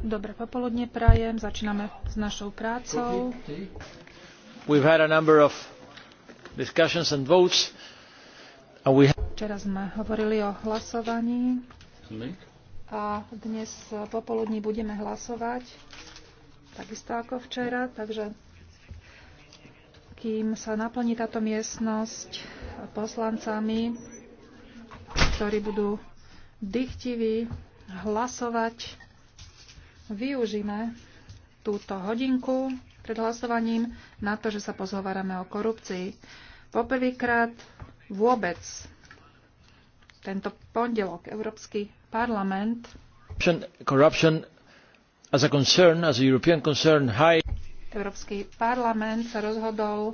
Dobré popoludne prajem, začíname s našou prácou. Včera sme hovorili o hlasovaní a dnes popoludní budeme hlasovať, takisto ako včera, takže kým sa naplní táto miestnosť poslancami, ktorí budú dychtivý hlasovať. Využíme túto hodinku pred hlasovaním na to, že sa pozhovárame o korupcii. Poprvýkrát vôbec tento pondelok Európsky parlament corruption as a concern, as a European concern, high. Európsky parlament sa rozhodol,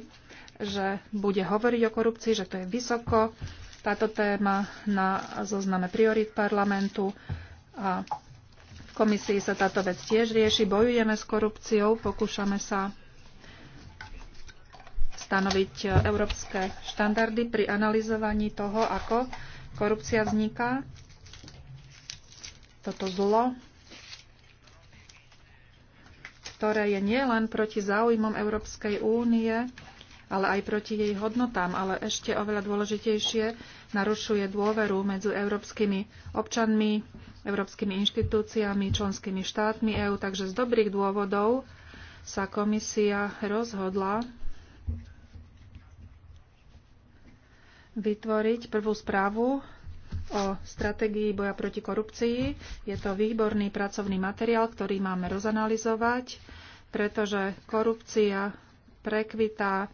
že bude hovoriť o korupcii, že to je vysoko táto téma na zozname priorit parlamentu a v komisii sa táto vec tiež rieši. Bojujeme s korupciou, pokúšame sa stanoviť európske štandardy pri analyzovaní toho, ako korupcia vzniká, toto zlo, ktoré je nielen proti záujmom Európskej únie, ale aj proti jej hodnotám, ale ešte oveľa dôležitejšie narušuje dôveru medzi európskymi občanmi, európskymi inštitúciami, členskými štátmi EÚ. Takže z dobrých dôvodov sa komisia rozhodla vytvoriť prvú správu o stratégii boja proti korupcii. Je to výborný pracovný materiál, ktorý máme rozanalizovať, pretože korupcia prekvitá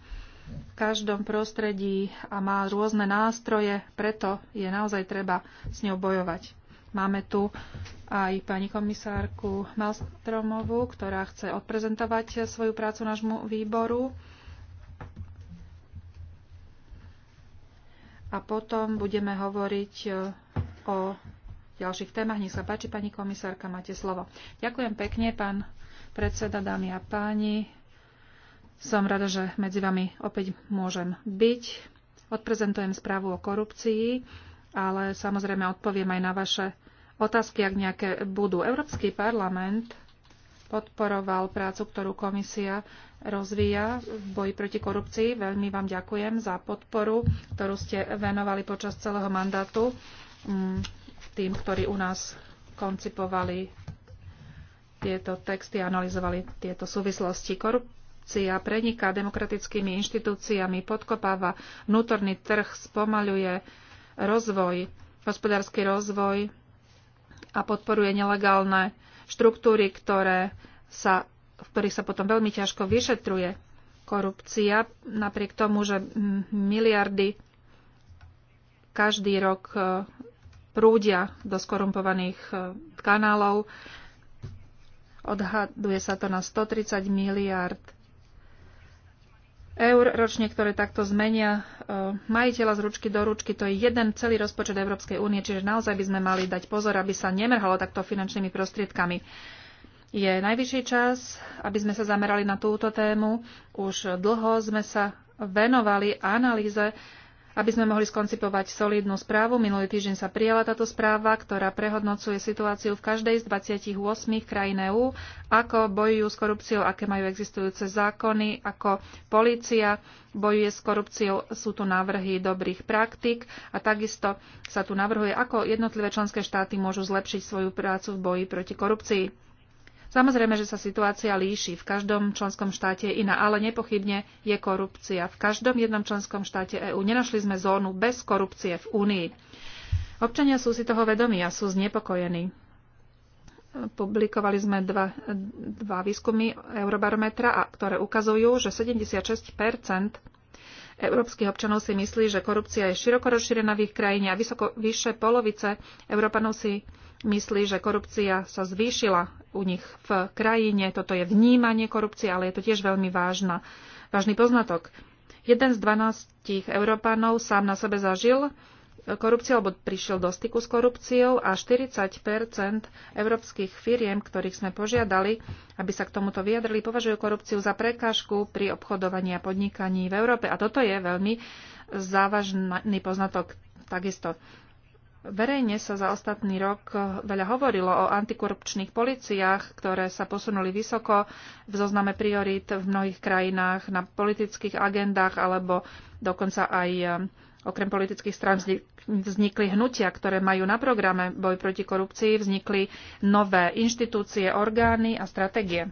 v každom prostredí a má rôzne nástroje, preto je naozaj treba s ňou bojovať. Máme tu aj pani komisárku Malstromovú, ktorá chce odprezentovať svoju prácu nášmu výboru. A potom budeme hovoriť e, o ďalších témach. Nech sa páči, pani komisárka, máte slovo. Ďakujem pekne, pán predseda, dámy a páni. Som rada, že medzi vami opäť môžem byť. Odprezentujem správu o korupcii, ale samozrejme odpoviem aj na vaše otázky, ak nejaké budú. Európsky parlament podporoval prácu, ktorú komisia rozvíja v boji proti korupcii. Veľmi vám ďakujem za podporu, ktorú ste venovali počas celého mandátu mm, tým, ktorí u nás koncipovali tieto texty a analyzovali tieto súvislosti. Korup- korupcia preniká demokratickými inštitúciami, podkopáva vnútorný trh, spomaľuje rozvoj, hospodársky rozvoj a podporuje nelegálne štruktúry, ktoré sa, v ktorých sa potom veľmi ťažko vyšetruje korupcia, napriek tomu, že miliardy každý rok e, prúdia do skorumpovaných e, kanálov. Odhaduje sa to na 130 miliard eur ročne, ktoré takto zmenia e, majiteľa z ručky do ručky. To je jeden celý rozpočet Európskej únie, čiže naozaj by sme mali dať pozor, aby sa nemrhalo takto finančnými prostriedkami. Je najvyšší čas, aby sme sa zamerali na túto tému. Už dlho sme sa venovali analýze aby sme mohli skoncipovať solidnú správu. Minulý týždeň sa prijala táto správa, ktorá prehodnocuje situáciu v každej z 28 krajín EÚ, ako bojujú s korupciou, aké majú existujúce zákony, ako polícia bojuje s korupciou, sú tu návrhy dobrých praktik a takisto sa tu navrhuje, ako jednotlivé členské štáty môžu zlepšiť svoju prácu v boji proti korupcii. Samozrejme, že sa situácia líši. V každom členskom štáte je iná, ale nepochybne je korupcia. V každom jednom členskom štáte EÚ nenašli sme zónu bez korupcie v Únii. Občania sú si toho vedomí a sú znepokojení. Publikovali sme dva, dva výskumy Eurobarometra, a, ktoré ukazujú, že 76 európskych občanov si myslí, že korupcia je široko rozšírená v ich krajine a vysoko, vyššie polovice Európanov si myslí, že korupcia sa zvýšila u nich v krajine. Toto je vnímanie korupcie, ale je to tiež veľmi vážna, vážny poznatok. Jeden z 12 Európanov sám na sebe zažil korupciu alebo prišiel do styku s korupciou a 40 európskych firiem, ktorých sme požiadali, aby sa k tomuto vyjadrili, považujú korupciu za prekážku pri obchodovaní a podnikaní v Európe. A toto je veľmi závažný poznatok takisto. Verejne sa za ostatný rok veľa hovorilo o antikorupčných policiách, ktoré sa posunuli vysoko v zozname priorít v mnohých krajinách na politických agendách alebo dokonca aj eh, okrem politických strán vznikli hnutia, ktoré majú na programe boj proti korupcii, vznikli nové inštitúcie, orgány a stratégie.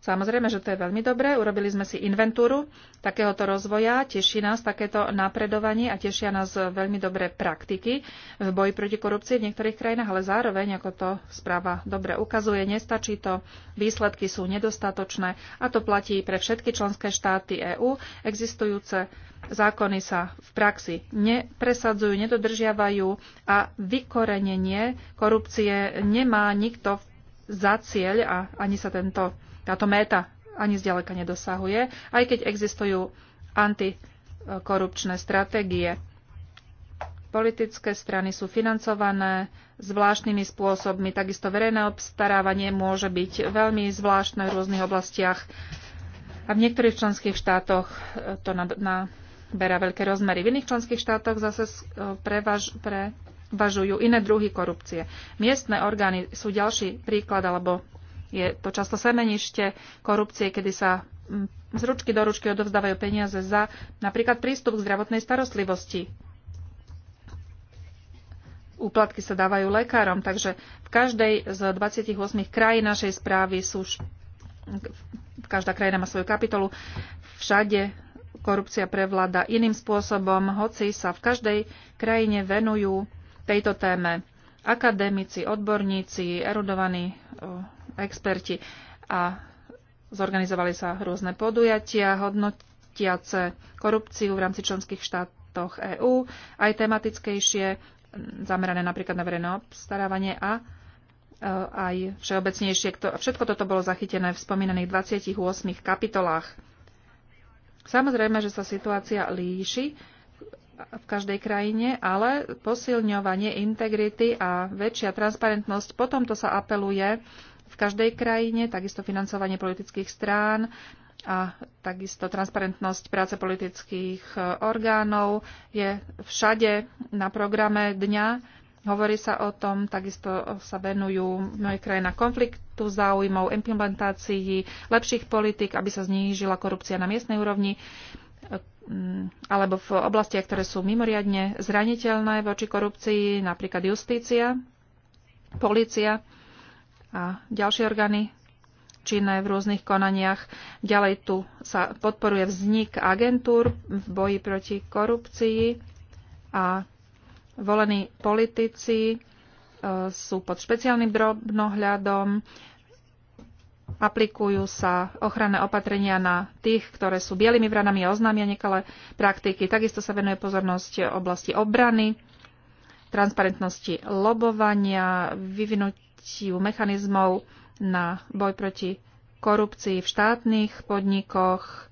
Samozrejme, že to je veľmi dobré. Urobili sme si inventúru takéhoto rozvoja. Teší nás takéto napredovanie a tešia nás veľmi dobré praktiky v boji proti korupcii v niektorých krajinách, ale zároveň, ako to správa dobre ukazuje, nestačí to. Výsledky sú nedostatočné a to platí pre všetky členské štáty EÚ. Existujúce zákony sa v praxi nepresadzujú, nedodržiavajú a vykorenenie korupcie nemá nikto za cieľ a ani sa tento táto méta ani zďaleka nedosahuje, aj keď existujú antikorupčné stratégie. Politické strany sú financované zvláštnymi spôsobmi, takisto verejné obstarávanie môže byť veľmi zvláštne v rôznych oblastiach a v niektorých členských štátoch to naberá veľké rozmery. V iných členských štátoch zase prevaž, prevažujú iné druhy korupcie. Miestne orgány sú ďalší príklad alebo je to často semenište korupcie, kedy sa mm, z ručky do ručky odovzdávajú peniaze za napríklad prístup k zdravotnej starostlivosti. Úplatky sa dávajú lekárom, takže v každej z 28 krajín našej správy sú každá krajina má svoju kapitolu. Všade korupcia prevláda iným spôsobom, hoci sa v každej krajine venujú tejto téme akademici, odborníci, erudovaní experti. A zorganizovali sa rôzne podujatia hodnotiace korupciu v rámci členských štátoch EÚ, aj tematickejšie, zamerané napríklad na verejné obstarávanie a e, aj všeobecnejšie. Všetko toto bolo zachytené v spomínaných 28 kapitolách. Samozrejme, že sa situácia líši v každej krajine, ale posilňovanie integrity a väčšia transparentnosť, potom to sa apeluje každej krajine, takisto financovanie politických strán a takisto transparentnosť práce politických e, orgánov je všade na programe dňa. Hovorí sa o tom, takisto sa venujú moje krajina konfliktu záujmov, implementácii lepších politik, aby sa znížila korupcia na miestnej úrovni e, alebo v oblastiach, ktoré sú mimoriadne zraniteľné voči korupcii, napríklad justícia, policia a ďalšie orgány činné v rôznych konaniach. Ďalej tu sa podporuje vznik agentúr v boji proti korupcii a volení politici e, sú pod špeciálnym drobnohľadom, aplikujú sa ochranné opatrenia na tých, ktoré sú bielými vranami a oznámia nekalé praktiky. Takisto sa venuje pozornosť oblasti obrany, transparentnosti lobovania, vyvinúť sieťou mechanizmov na boj proti korupcii v štátnych podnikoch.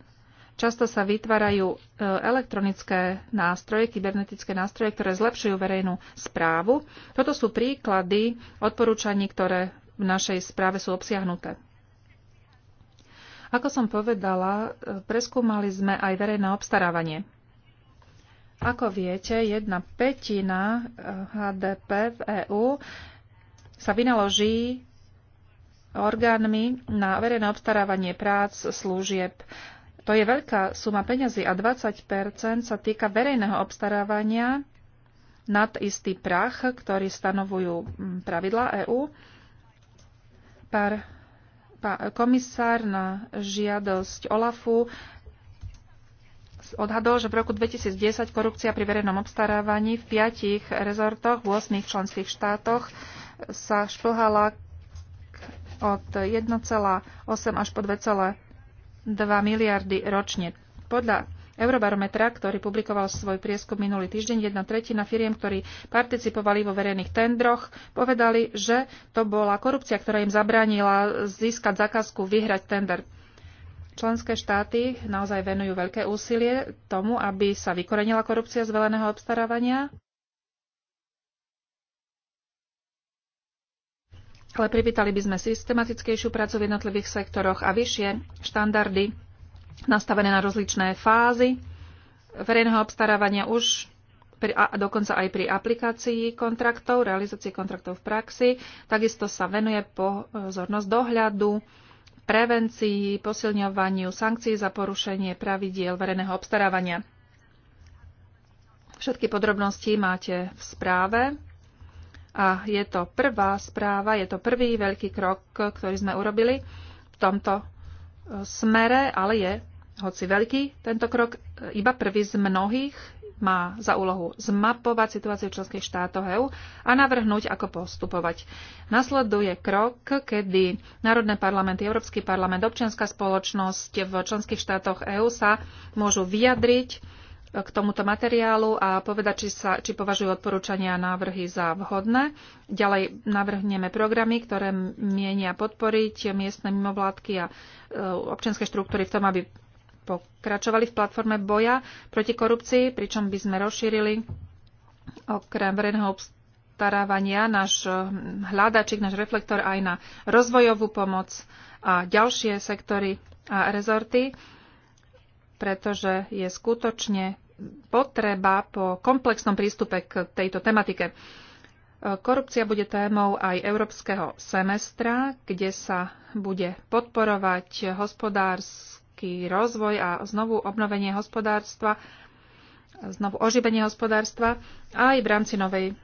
Často sa vytvárajú e, elektronické nástroje, kybernetické nástroje, ktoré zlepšujú verejnú správu. Toto sú príklady odporúčaní, ktoré v našej správe sú obsiahnuté. Ako som povedala, e, preskúmali sme aj verejné obstarávanie. Ako viete, jedna petina e, HDP v EÚ sa vynaloží orgánmi na verejné obstarávanie prác, služieb. To je veľká suma peňazí a 20 sa týka verejného obstarávania nad istý prach, ktorý stanovujú mm, pravidla EÚ. Pár, pa, komisár na žiadosť OLAFu odhadol, že v roku 2010 korupcia pri verejnom obstarávaní v piatich rezortoch v 8 členských štátoch sa šplhala od 1,8 až po 2,2 miliardy ročne. Podľa Eurobarometra, ktorý publikoval svoj prieskum minulý týždeň, jedna tretina firiem, ktorí participovali vo verejných tendroch, povedali, že to bola korupcia, ktorá im zabránila získať zákazku, vyhrať tender. Členské štáty naozaj venujú veľké úsilie tomu, aby sa vykorenila korupcia z veleného obstarávania ale privítali by sme systematickejšiu prácu v jednotlivých sektoroch a vyššie štandardy nastavené na rozličné fázy verejného obstarávania už pri, a dokonca aj pri aplikácii kontraktov, realizácii kontraktov v praxi. Takisto sa venuje pozornosť dohľadu, prevencii, posilňovaniu sankcií za porušenie pravidiel verejného obstarávania. Všetky podrobnosti máte v správe. A je to prvá správa, je to prvý veľký krok, ktorý sme urobili v tomto e, smere, ale je, hoci veľký, tento krok e, iba prvý z mnohých má za úlohu zmapovať situáciu členských štátov EÚ a navrhnúť, ako postupovať. Nasleduje krok, kedy Národné parlamenty, Európsky parlament, občianská spoločnosť v členských štátoch EÚ sa môžu vyjadriť k tomuto materiálu a povedať, či, sa, či považujú odporúčania a návrhy za vhodné. Ďalej navrhneme programy, ktoré mienia podporiť miestne mimovládky a e, občianske štruktúry v tom, aby pokračovali v platforme boja proti korupcii, pričom by sme rozšírili okrem verejného obstarávania náš e, hľadačik, náš reflektor aj na rozvojovú pomoc a ďalšie sektory a rezorty pretože je skutočne potreba po komplexnom prístupe k tejto tematike. E, korupcia bude témou aj európskeho semestra, kde sa bude podporovať hospodársky rozvoj a znovu obnovenie hospodárstva, znovu oživenie hospodárstva aj v rámci novej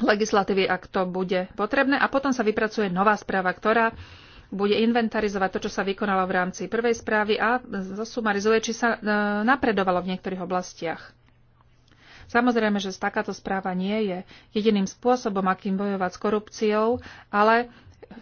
legislatívy, ak to bude potrebné. A potom sa vypracuje nová správa, ktorá bude inventarizovať to, čo sa vykonalo v rámci prvej správy a zosumarizuje, či sa e, napredovalo v niektorých oblastiach. Samozrejme, že takáto správa nie je jediným spôsobom, akým bojovať s korupciou, ale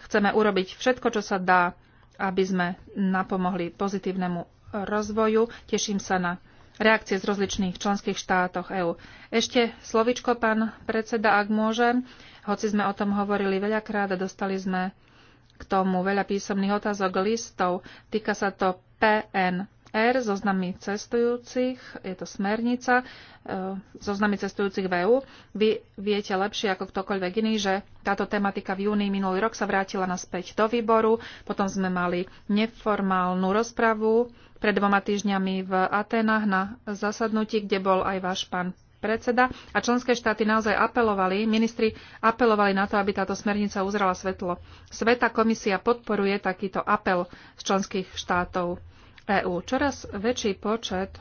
chceme urobiť všetko, čo sa dá, aby sme napomohli pozitívnemu rozvoju. Teším sa na reakcie z rozličných členských štátoch EÚ. Ešte slovičko, pán predseda, ak môžem. Hoci sme o tom hovorili veľakrát a dostali sme k tomu veľa písomných otázok, listov. Týka sa to PNR, zoznamy cestujúcich, je to smernica, e, zoznamy cestujúcich v EU. Vy viete lepšie ako ktokoľvek iný, že táto tematika v júni minulý rok sa vrátila naspäť do výboru. Potom sme mali neformálnu rozpravu pred dvoma týždňami v Atenách na zasadnutí, kde bol aj váš pán predseda a členské štáty naozaj apelovali, ministri apelovali na to, aby táto smernica uzrala svetlo. Sveta komisia podporuje takýto apel z členských štátov EÚ. Čoraz väčší počet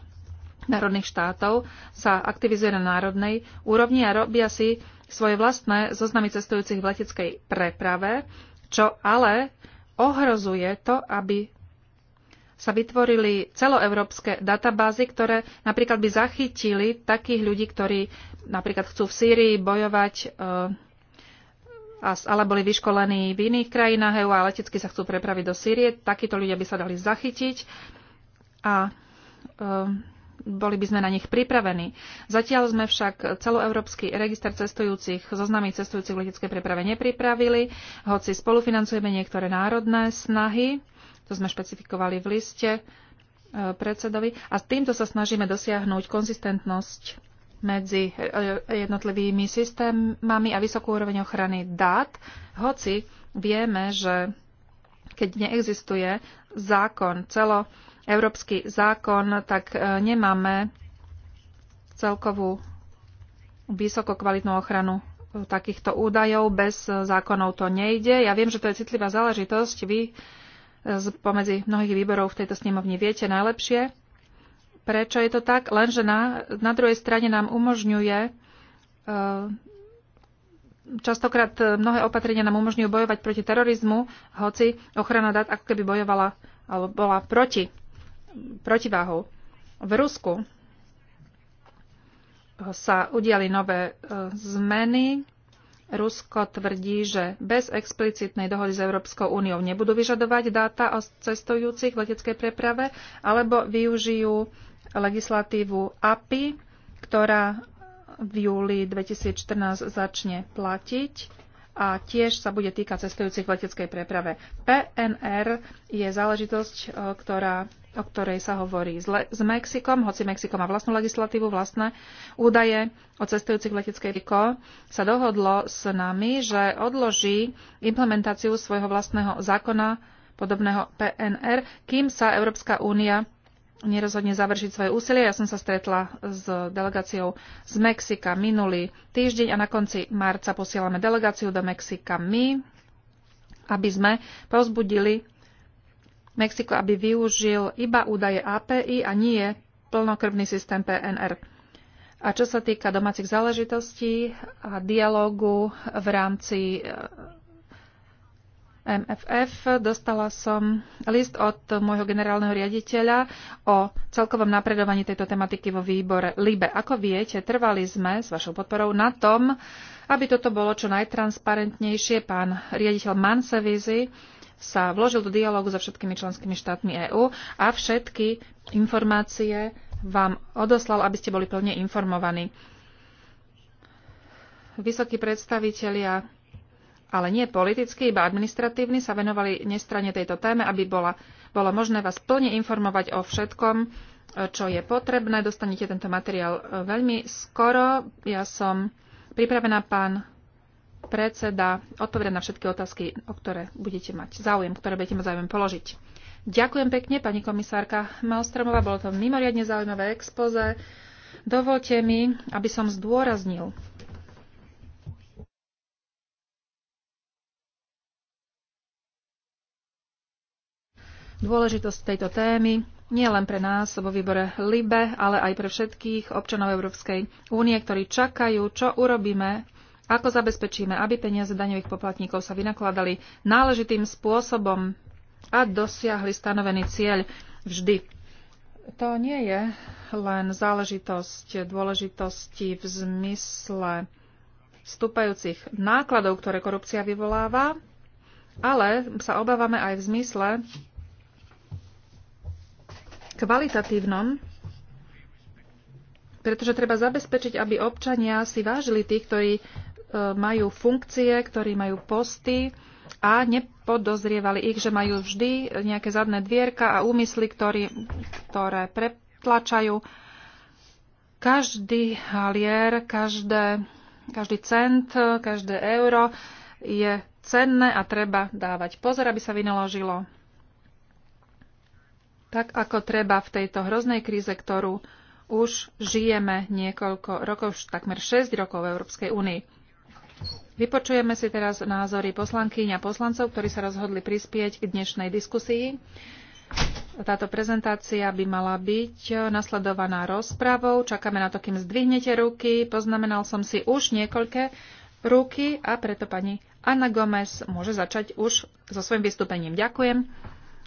národných štátov sa aktivizuje na národnej úrovni a robia si svoje vlastné zoznamy cestujúcich v leteckej preprave, čo ale ohrozuje to, aby sa vytvorili celoeurópske databázy, ktoré napríklad by zachytili takých ľudí, ktorí napríklad chcú v Sýrii bojovať e, ale boli vyškolení v iných krajinách EU a letecky sa chcú prepraviť do Sýrie. Takíto ľudia by sa dali zachytiť a e, boli by sme na nich pripravení. Zatiaľ sme však celoeurópsky register cestujúcich, zoznamy cestujúcich v leteckej preprave nepripravili, hoci spolufinancujeme niektoré národné snahy to sme špecifikovali v liste e, predsedovi. A s týmto sa snažíme dosiahnuť konzistentnosť medzi e, e, jednotlivými systémami a vysokú úroveň ochrany dát, hoci vieme, že keď neexistuje zákon, celoeurópsky zákon, tak nemáme celkovú vysokokvalitnú ochranu takýchto údajov. Bez zákonov to nejde. Ja viem, že to je citlivá záležitosť. Vy pomedzi mnohých výborov v tejto snemovni. Viete najlepšie, prečo je to tak, lenže na, na druhej strane nám umožňuje e, častokrát mnohé opatrenia nám umožňujú bojovať proti terorizmu, hoci ochrana dát ako keby bojovala alebo bola proti, protiváhou. V Rusku sa udiali nové e, zmeny, Rusko tvrdí, že bez explicitnej dohody s Európskou úniou nebudú vyžadovať dáta o cestujúcich v leteckej preprave, alebo využijú legislatívu API, ktorá v júli 2014 začne platiť a tiež sa bude týkať cestujúcich v leteckej preprave. PNR je záležitosť, e, ktorá, o ktorej sa hovorí s, Le- s Mexikom, hoci Mexiko má vlastnú legislatívu, vlastné údaje o cestujúcich v leteckej riko, sa dohodlo s nami, že odloží implementáciu svojho vlastného zákona podobného PNR, kým sa Európska únia nerozhodne završiť svoje úsilie. Ja som sa stretla s delegáciou z Mexika minulý týždeň a na konci marca posielame delegáciu do Mexika my, aby sme pozbudili Mexiko, aby využil iba údaje API a nie plnokrvný systém PNR. A čo sa týka domácich záležitostí a dialógu v rámci MFF dostala som list od môjho generálneho riaditeľa o celkovom napredovaní tejto tematiky vo výbore LIBE. Ako viete, trvali sme s vašou podporou na tom, aby toto bolo čo najtransparentnejšie. Pán riaditeľ Mansevizi sa vložil do dialogu so všetkými členskými štátmi EÚ a všetky informácie vám odoslal, aby ste boli plne informovaní. Vysokí predstavitelia ale nie politicky, iba administratívny sa venovali nestrane tejto téme, aby bola, bolo možné vás plne informovať o všetkom, čo je potrebné. Dostanete tento materiál e, veľmi skoro. Ja som pripravená, pán predseda, odpovedať na všetky otázky, o ktoré budete mať záujem, ktoré budete mať záujem položiť. Ďakujem pekne, pani komisárka Malstromová. Bolo to mimoriadne zaujímavé expoze. Dovolte mi, aby som zdôraznil dôležitosť tejto témy nie len pre nás vo výbore LIBE, ale aj pre všetkých občanov Európskej únie, ktorí čakajú, čo urobíme, ako zabezpečíme, aby peniaze daňových poplatníkov sa vynakladali náležitým spôsobom a dosiahli stanovený cieľ vždy. To nie je len záležitosť dôležitosti v zmysle vstúpajúcich nákladov, ktoré korupcia vyvoláva, ale sa obávame aj v zmysle kvalitatívnom, pretože treba zabezpečiť, aby občania si vážili tých, ktorí e, majú funkcie, ktorí majú posty a nepodozrievali ich, že majú vždy nejaké zadné dvierka a úmysly, ktorý, ktoré pretlačajú. Každý halier, každé, každý cent, každé euro je cenné a treba dávať pozor, aby sa vynaložilo tak ako treba v tejto hroznej kríze, ktorú už žijeme niekoľko rokov, takmer 6 rokov v Európskej únii. Vypočujeme si teraz názory poslankyň a poslancov, ktorí sa rozhodli prispieť k dnešnej diskusii. Táto prezentácia by mala byť nasledovaná rozpravou. Čakáme na to, kým zdvihnete ruky. Poznamenal som si už niekoľké ruky a preto pani Anna Gomez môže začať už so svojím vystúpením. Ďakujem.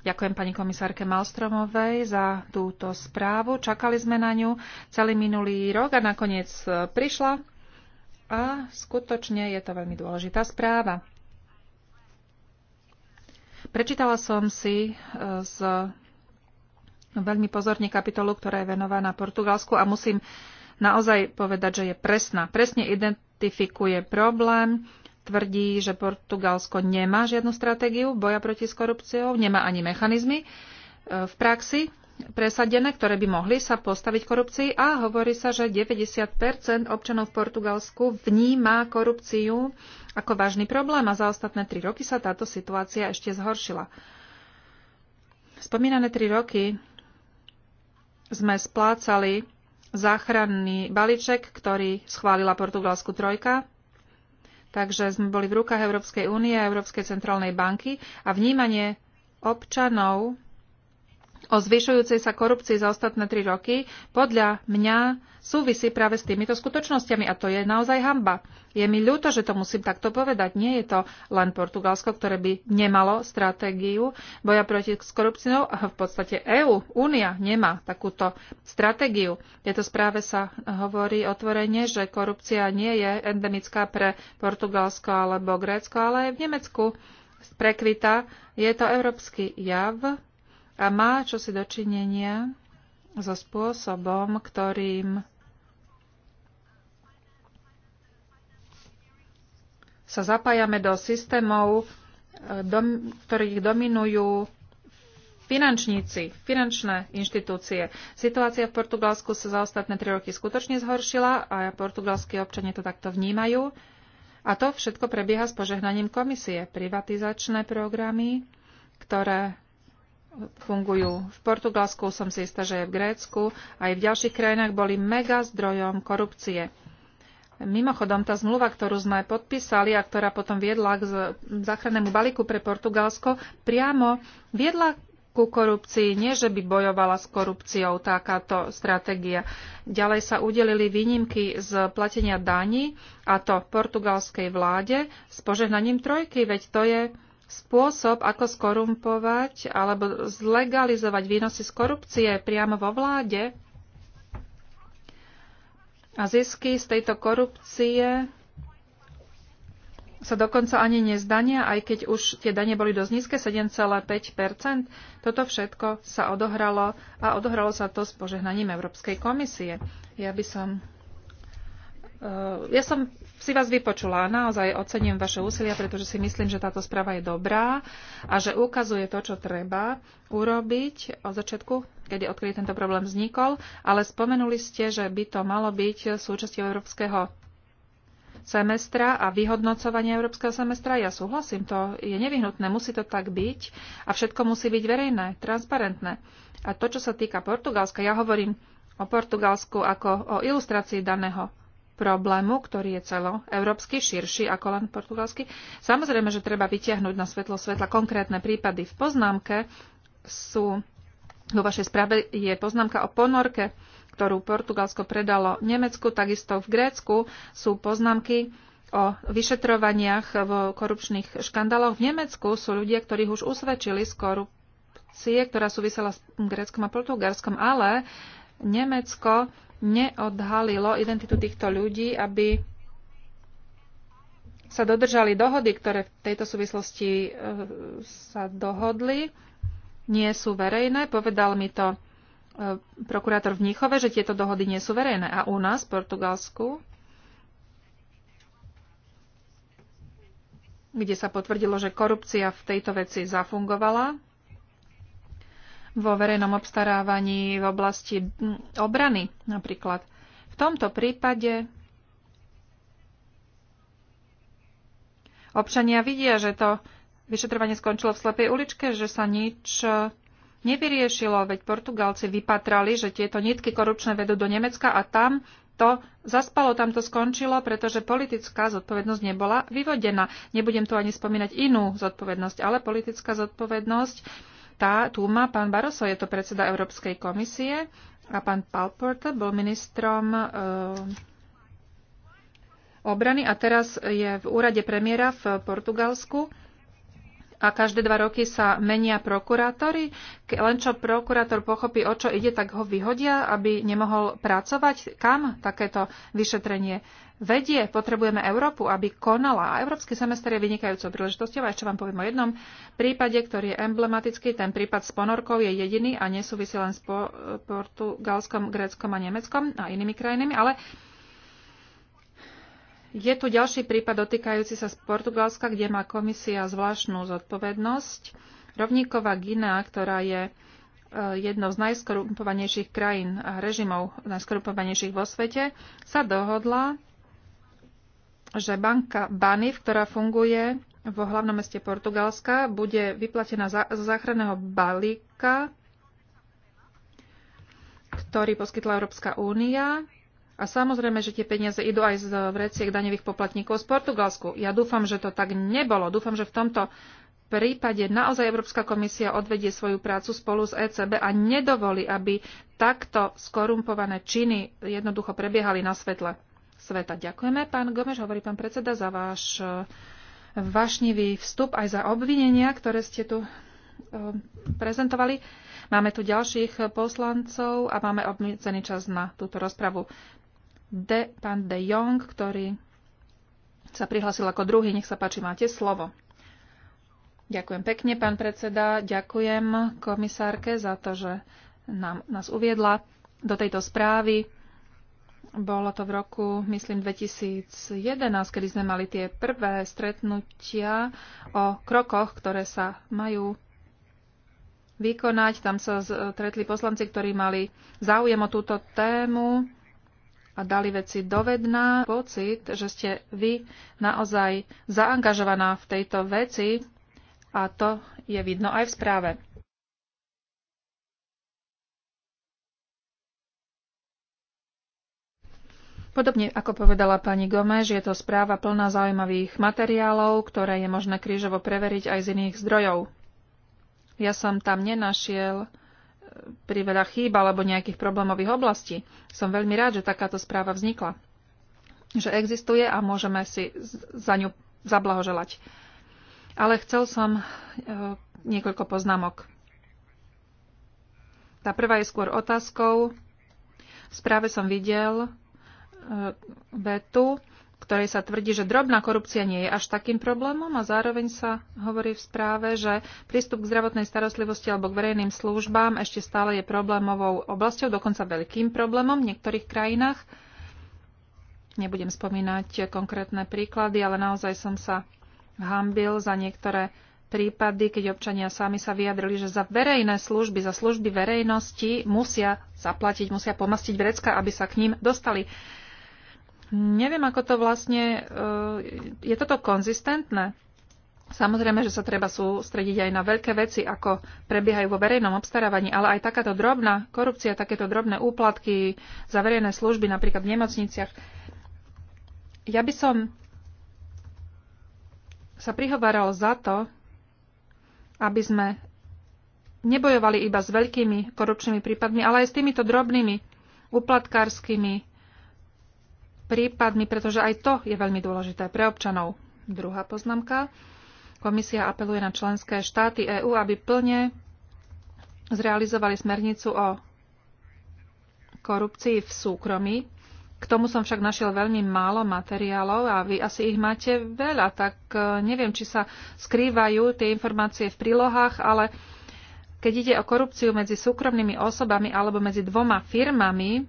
Ďakujem pani komisárke Malstromovej za túto správu. Čakali sme na ňu celý minulý rok a nakoniec e, prišla. A skutočne je to veľmi dôležitá správa. Prečítala som si e, z veľmi pozorne kapitolu, ktorá je venovaná Portugalsku a musím naozaj povedať, že je presná. Presne identifikuje problém, tvrdí, že Portugalsko nemá žiadnu stratégiu boja proti s korupciou, nemá ani mechanizmy e, v praxi presadené, ktoré by mohli sa postaviť korupcii a hovorí sa, že 90 občanov v Portugalsku vníma korupciu ako vážny problém a za ostatné tri roky sa táto situácia ešte zhoršila. Spomínané tri roky sme splácali záchranný balíček, ktorý schválila portugalsku trojka Takže sme boli v rukách Európskej únie a Európskej centrálnej banky a vnímanie občanov o zvyšujúcej sa korupcii za ostatné tri roky podľa mňa súvisí práve s týmito skutočnosťami a to je naozaj hamba. Je mi ľúto, že to musím takto povedať. Nie je to len Portugalsko, ktoré by nemalo stratégiu boja proti s korupciou. V podstate EÚ, Únia nemá takúto stratégiu. V tejto správe sa hovorí otvorene, že korupcia nie je endemická pre Portugalsko alebo Grécko, ale aj v Nemecku prekvita. Je to európsky jav, a má čo si dočinenia so spôsobom, ktorým sa zapájame do systémov, eh, dom, ktorých dominujú finančníci, finančné inštitúcie. Situácia v Portugalsku sa za ostatné tri roky skutočne zhoršila a portugalskí občania to takto vnímajú. A to všetko prebieha s požehnaním komisie. Privatizačné programy, ktoré fungujú. V Portugalsku som si istá, že je v Grécku. Aj v ďalších krajinách boli mega zdrojom korupcie. Mimochodom, tá zmluva, ktorú sme podpísali a ktorá potom viedla k záchrannému balíku pre Portugalsko, priamo viedla ku korupcii, nie že by bojovala s korupciou takáto stratégia. Ďalej sa udelili výnimky z platenia daní, a to portugalskej vláde s požehnaním trojky, veď to je spôsob, ako skorumpovať alebo zlegalizovať výnosy z korupcie priamo vo vláde a zisky z tejto korupcie sa dokonca ani nezdania, aj keď už tie dane boli dosť nízke, 7,5 Toto všetko sa odohralo a odohralo sa to s požehnaním Európskej komisie. Ja by som eh, ja som si vás vypočula a naozaj ocením vaše úsilia, pretože si myslím, že táto správa je dobrá a že ukazuje to, čo treba urobiť od začiatku, kedy odkedy tento problém vznikol, ale spomenuli ste, že by to malo byť súčasťou európskeho semestra a vyhodnocovanie európskeho semestra. Ja súhlasím, to je nevyhnutné, musí to tak byť a všetko musí byť verejné, transparentné. A to, čo sa týka Portugalska, ja hovorím o Portugalsku ako o ilustrácii daného problému, ktorý je celoeurópsky, širší ako len portugalský. Samozrejme, že treba vyťahnuť na svetlo svetla konkrétne prípady. V poznámke sú, vo vašej správe je poznámka o ponorke, ktorú Portugalsko predalo Nemecku, takisto v Grécku sú poznámky o vyšetrovaniach v korupčných škandáloch. V Nemecku sú ľudia, ktorých už usvedčili z korupcie, ktorá súvisela s Gréckom a Portugalskom, ale Nemecko neodhalilo identitu týchto ľudí, aby sa dodržali dohody, ktoré v tejto súvislosti e, sa dohodli, nie sú verejné. Povedal mi to e, prokurátor v Níchove, že tieto dohody nie sú verejné. A u nás, v Portugalsku, kde sa potvrdilo, že korupcia v tejto veci zafungovala, vo verejnom obstarávaní v oblasti obrany napríklad. V tomto prípade občania vidia, že to vyšetrovanie skončilo v slepej uličke, že sa nič e, nevyriešilo, veď Portugalci vypatrali, že tieto nitky korupčné vedú do Nemecka a tam to zaspalo, tam to skončilo, pretože politická zodpovednosť nebola vyvodená. Nebudem tu ani spomínať inú zodpovednosť, ale politická zodpovednosť tá, tu pán Baroso, je to predseda Európskej komisie a pán Palporte bol ministrom e, obrany a teraz je v úrade premiéra v Portugalsku a každé dva roky sa menia prokurátory. Len čo prokurátor pochopí, o čo ide, tak ho vyhodia, aby nemohol pracovať. Kam takéto vyšetrenie vedie? Potrebujeme Európu, aby konala. A Európsky semester je vynikajúcou príležitosťou. A ešte vám poviem o jednom prípade, ktorý je emblematický. Ten prípad s ponorkou je jediný a nesúvisí len s po- portugalskom, gréckom a nemeckom a inými krajinami, ale je tu ďalší prípad dotýkajúci sa z Portugalska, kde má komisia zvláštnu zodpovednosť. Rovníková Guinea, ktorá je e, jednou z najskorumpovanejších krajín a režimov najskorumpovanejších vo svete, sa dohodla, že banka Banif, ktorá funguje vo hlavnom meste Portugalska, bude vyplatená zo záchranného balíka, ktorý poskytla Európska únia a samozrejme, že tie peniaze idú aj z vreciek daňových poplatníkov z Portugalsku. Ja dúfam, že to tak nebolo. Dúfam, že v tomto prípade naozaj Európska komisia odvedie svoju prácu spolu s ECB a nedovolí, aby takto skorumpované činy jednoducho prebiehali na svetle sveta. Ďakujeme, pán Gomeš, hovorí pán predseda, za váš eh, vášnivý vstup aj za obvinenia, ktoré ste tu eh, prezentovali. Máme tu ďalších poslancov a máme obmedzený čas na túto rozpravu. De, pán De Jong, ktorý sa prihlasil ako druhý. Nech sa páči, máte slovo. Ďakujem pekne, pán predseda. Ďakujem komisárke za to, že nám, nás uviedla do tejto správy. Bolo to v roku, myslím, 2011, kedy sme mali tie prvé stretnutia o krokoch, ktoré sa majú vykonať. Tam sa stretli poslanci, ktorí mali záujem o túto tému a dali veci dovedná, pocit, že ste vy naozaj zaangažovaná v tejto veci a to je vidno aj v správe. Podobne ako povedala pani Gomez, je to správa plná zaujímavých materiálov, ktoré je možné krížovo preveriť aj z iných zdrojov. Ja som tam nenašiel veľa chýb alebo nejakých problémových oblastí. Som veľmi rád, že takáto správa vznikla. Že existuje a môžeme si za ňu zablahoželať. Ale chcel som e, niekoľko poznámok. Tá prvá je skôr otázkou. V správe som videl e, vetu, ktorej sa tvrdí, že drobná korupcia nie je až takým problémom a zároveň sa hovorí v správe, že prístup k zdravotnej starostlivosti alebo k verejným službám ešte stále je problémovou oblasťou, dokonca veľkým problémom v niektorých krajinách. Nebudem spomínať konkrétne príklady, ale naozaj som sa hambil za niektoré prípady, keď občania sami sa vyjadrili, že za verejné služby, za služby verejnosti musia zaplatiť, musia pomastiť vrecka, aby sa k ním dostali. Neviem, ako to vlastne... E, je toto konzistentné? Samozrejme, že sa treba sústrediť aj na veľké veci, ako prebiehajú vo verejnom obstarávaní, ale aj takáto drobná korupcia, takéto drobné úplatky za verejné služby, napríklad v nemocniciach. Ja by som sa prihovaral za to, aby sme nebojovali iba s veľkými korupčnými prípadmi, ale aj s týmito drobnými uplatkárskymi prípadmi, pretože aj to je veľmi dôležité pre občanov. Druhá poznámka. Komisia apeluje na členské štáty EÚ, aby plne zrealizovali smernicu o korupcii v súkromí. K tomu som však našiel veľmi málo materiálov a vy asi ich máte veľa, tak e, neviem, či sa skrývajú tie informácie v prílohách, ale keď ide o korupciu medzi súkromnými osobami alebo medzi dvoma firmami,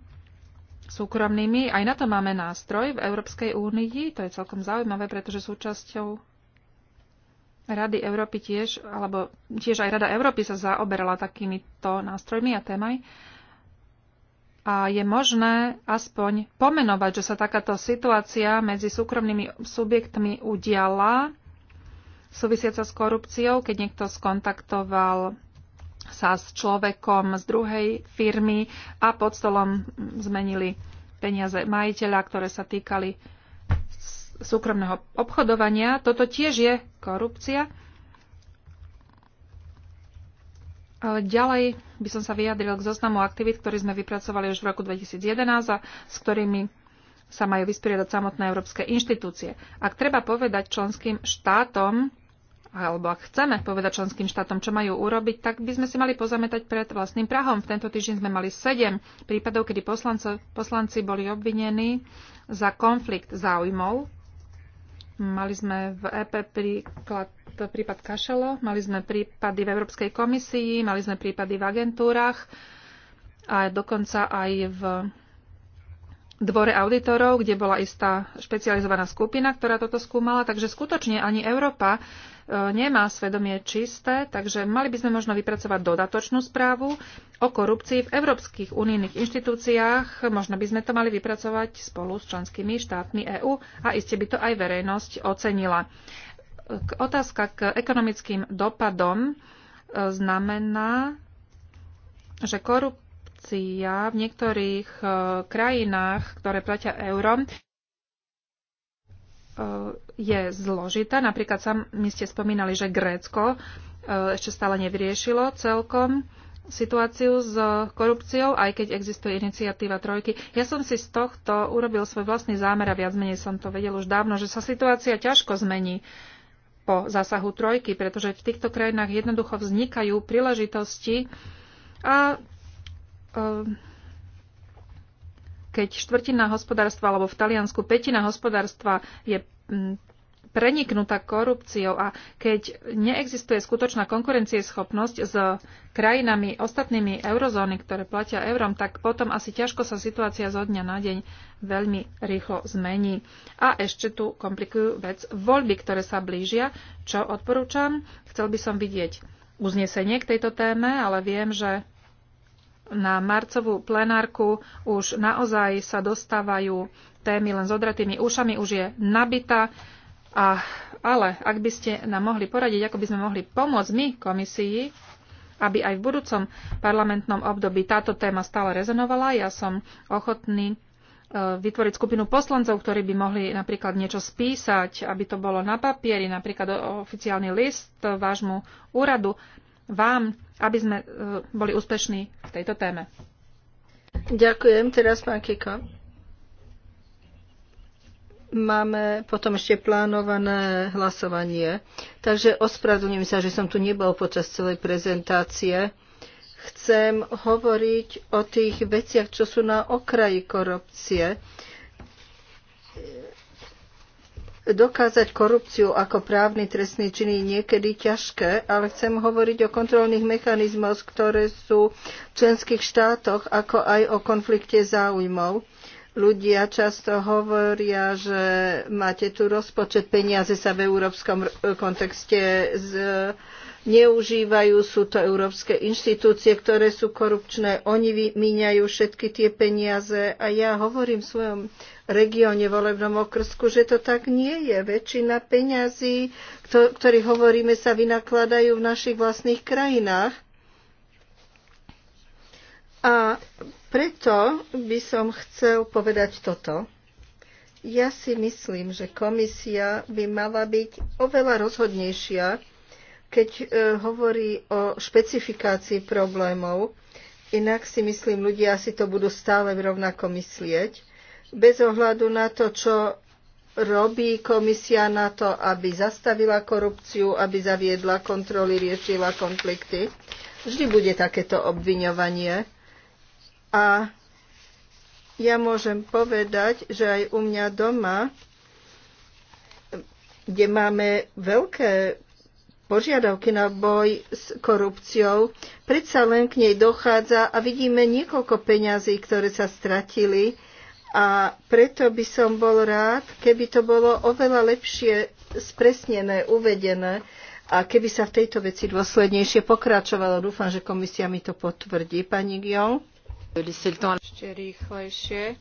súkromnými. Aj na to máme nástroj v Európskej únii. To je celkom zaujímavé, pretože súčasťou Rady Európy tiež, alebo tiež aj Rada Európy sa zaoberala takýmito nástrojmi a témaj. A je možné aspoň pomenovať, že sa takáto situácia medzi súkromnými subjektmi udiala, súvisiaca s korupciou, keď niekto skontaktoval sa s človekom z druhej firmy a pod stolom zmenili peniaze majiteľa, ktoré sa týkali súkromného obchodovania. Toto tiež je korupcia. Ďalej by som sa vyjadril k zoznamu aktivít, ktorý sme vypracovali už v roku 2011 a s ktorými sa majú vysporiadať samotné európske inštitúcie. Ak treba povedať členským štátom, alebo ak chceme povedať členským štátom, čo majú urobiť, tak by sme si mali pozametať pred vlastným prahom. V tento týždeň sme mali sedem prípadov, kedy poslanco, poslanci boli obvinení za konflikt záujmov. Mali sme v EP príklad, prípad Kašelo, mali sme prípady v Európskej komisii, mali sme prípady v agentúrach a dokonca aj v dvore auditorov, kde bola istá špecializovaná skupina, ktorá toto skúmala, takže skutočne ani Európa nemá svedomie čisté, takže mali by sme možno vypracovať dodatočnú správu o korupcii v európskych unijných inštitúciách. Možno by sme to mali vypracovať spolu s členskými štátmi EÚ a iste by to aj verejnosť ocenila. Otázka k ekonomickým dopadom e, znamená, že korupcia v niektorých e, krajinách, ktoré platia eurom, E, je zložitá. Napríklad sam my ste spomínali, že Grécko e, ešte stále nevyriešilo celkom situáciu s korupciou, aj keď existuje iniciatíva trojky. Ja som si z tohto urobil svoj vlastný zámer a viac menej som to vedel už dávno, že sa situácia ťažko zmení po zásahu trojky, pretože v týchto krajinách jednoducho vznikajú príležitosti a e, keď štvrtina hospodárstva alebo v Taliansku petina hospodárstva je mm, preniknutá korupciou a keď neexistuje skutočná konkurencieschopnosť s krajinami ostatnými eurozóny, ktoré platia eurom, tak potom asi ťažko sa situácia zo dňa na deň veľmi rýchlo zmení. A ešte tu komplikujú vec voľby, ktoré sa blížia. Čo odporúčam? Chcel by som vidieť uznesenie k tejto téme, ale viem, že na marcovú plenárku už naozaj sa dostávajú témy len s odratými ušami, už je nabitá. A, ale ak by ste nám mohli poradiť, ako by sme mohli pomôcť my komisii, aby aj v budúcom parlamentnom období táto téma stále rezonovala, ja som ochotný e, vytvoriť skupinu poslancov, ktorí by mohli napríklad niečo spísať, aby to bolo na papieri, napríklad oficiálny list vášmu úradu, vám, aby sme e, boli úspešní tejto téme. Ďakujem. Teraz pán Kiko. Máme potom ešte plánované hlasovanie. Takže ospravedlňujem sa, že som tu nebol počas celej prezentácie. Chcem hovoriť o tých veciach, čo sú na okraji korupcie dokázať korupciu ako právny trestný čin je niekedy ťažké, ale chcem hovoriť o kontrolných mechanizmoch, ktoré sú v členských štátoch, ako aj o konflikte záujmov. Ľudia často hovoria, že máte tu rozpočet, peniaze sa v európskom kontexte z, neužívajú, sú to európske inštitúcie, ktoré sú korupčné, oni míňajú všetky tie peniaze a ja hovorím v svojom regióne volebnom okrsku, že to tak nie je. Väčšina peňazí, ktorých hovoríme, sa vynakladajú v našich vlastných krajinách. A preto by som chcel povedať toto. Ja si myslím, že komisia by mala byť oveľa rozhodnejšia, keď e, hovorí o špecifikácii problémov. Inak si myslím, ľudia si to budú stále rovnako myslieť bez ohľadu na to, čo robí komisia na to, aby zastavila korupciu, aby zaviedla kontroly, riešila konflikty. Vždy bude takéto obviňovanie. A ja môžem povedať, že aj u mňa doma, kde máme veľké požiadavky na boj s korupciou, predsa len k nej dochádza a vidíme niekoľko peňazí, ktoré sa stratili a preto by som bol rád, keby to bolo oveľa lepšie spresnené, uvedené a keby sa v tejto veci dôslednejšie pokračovalo. Dúfam, že komisia mi to potvrdí. Pani Gion? Ešte rýchlejšie.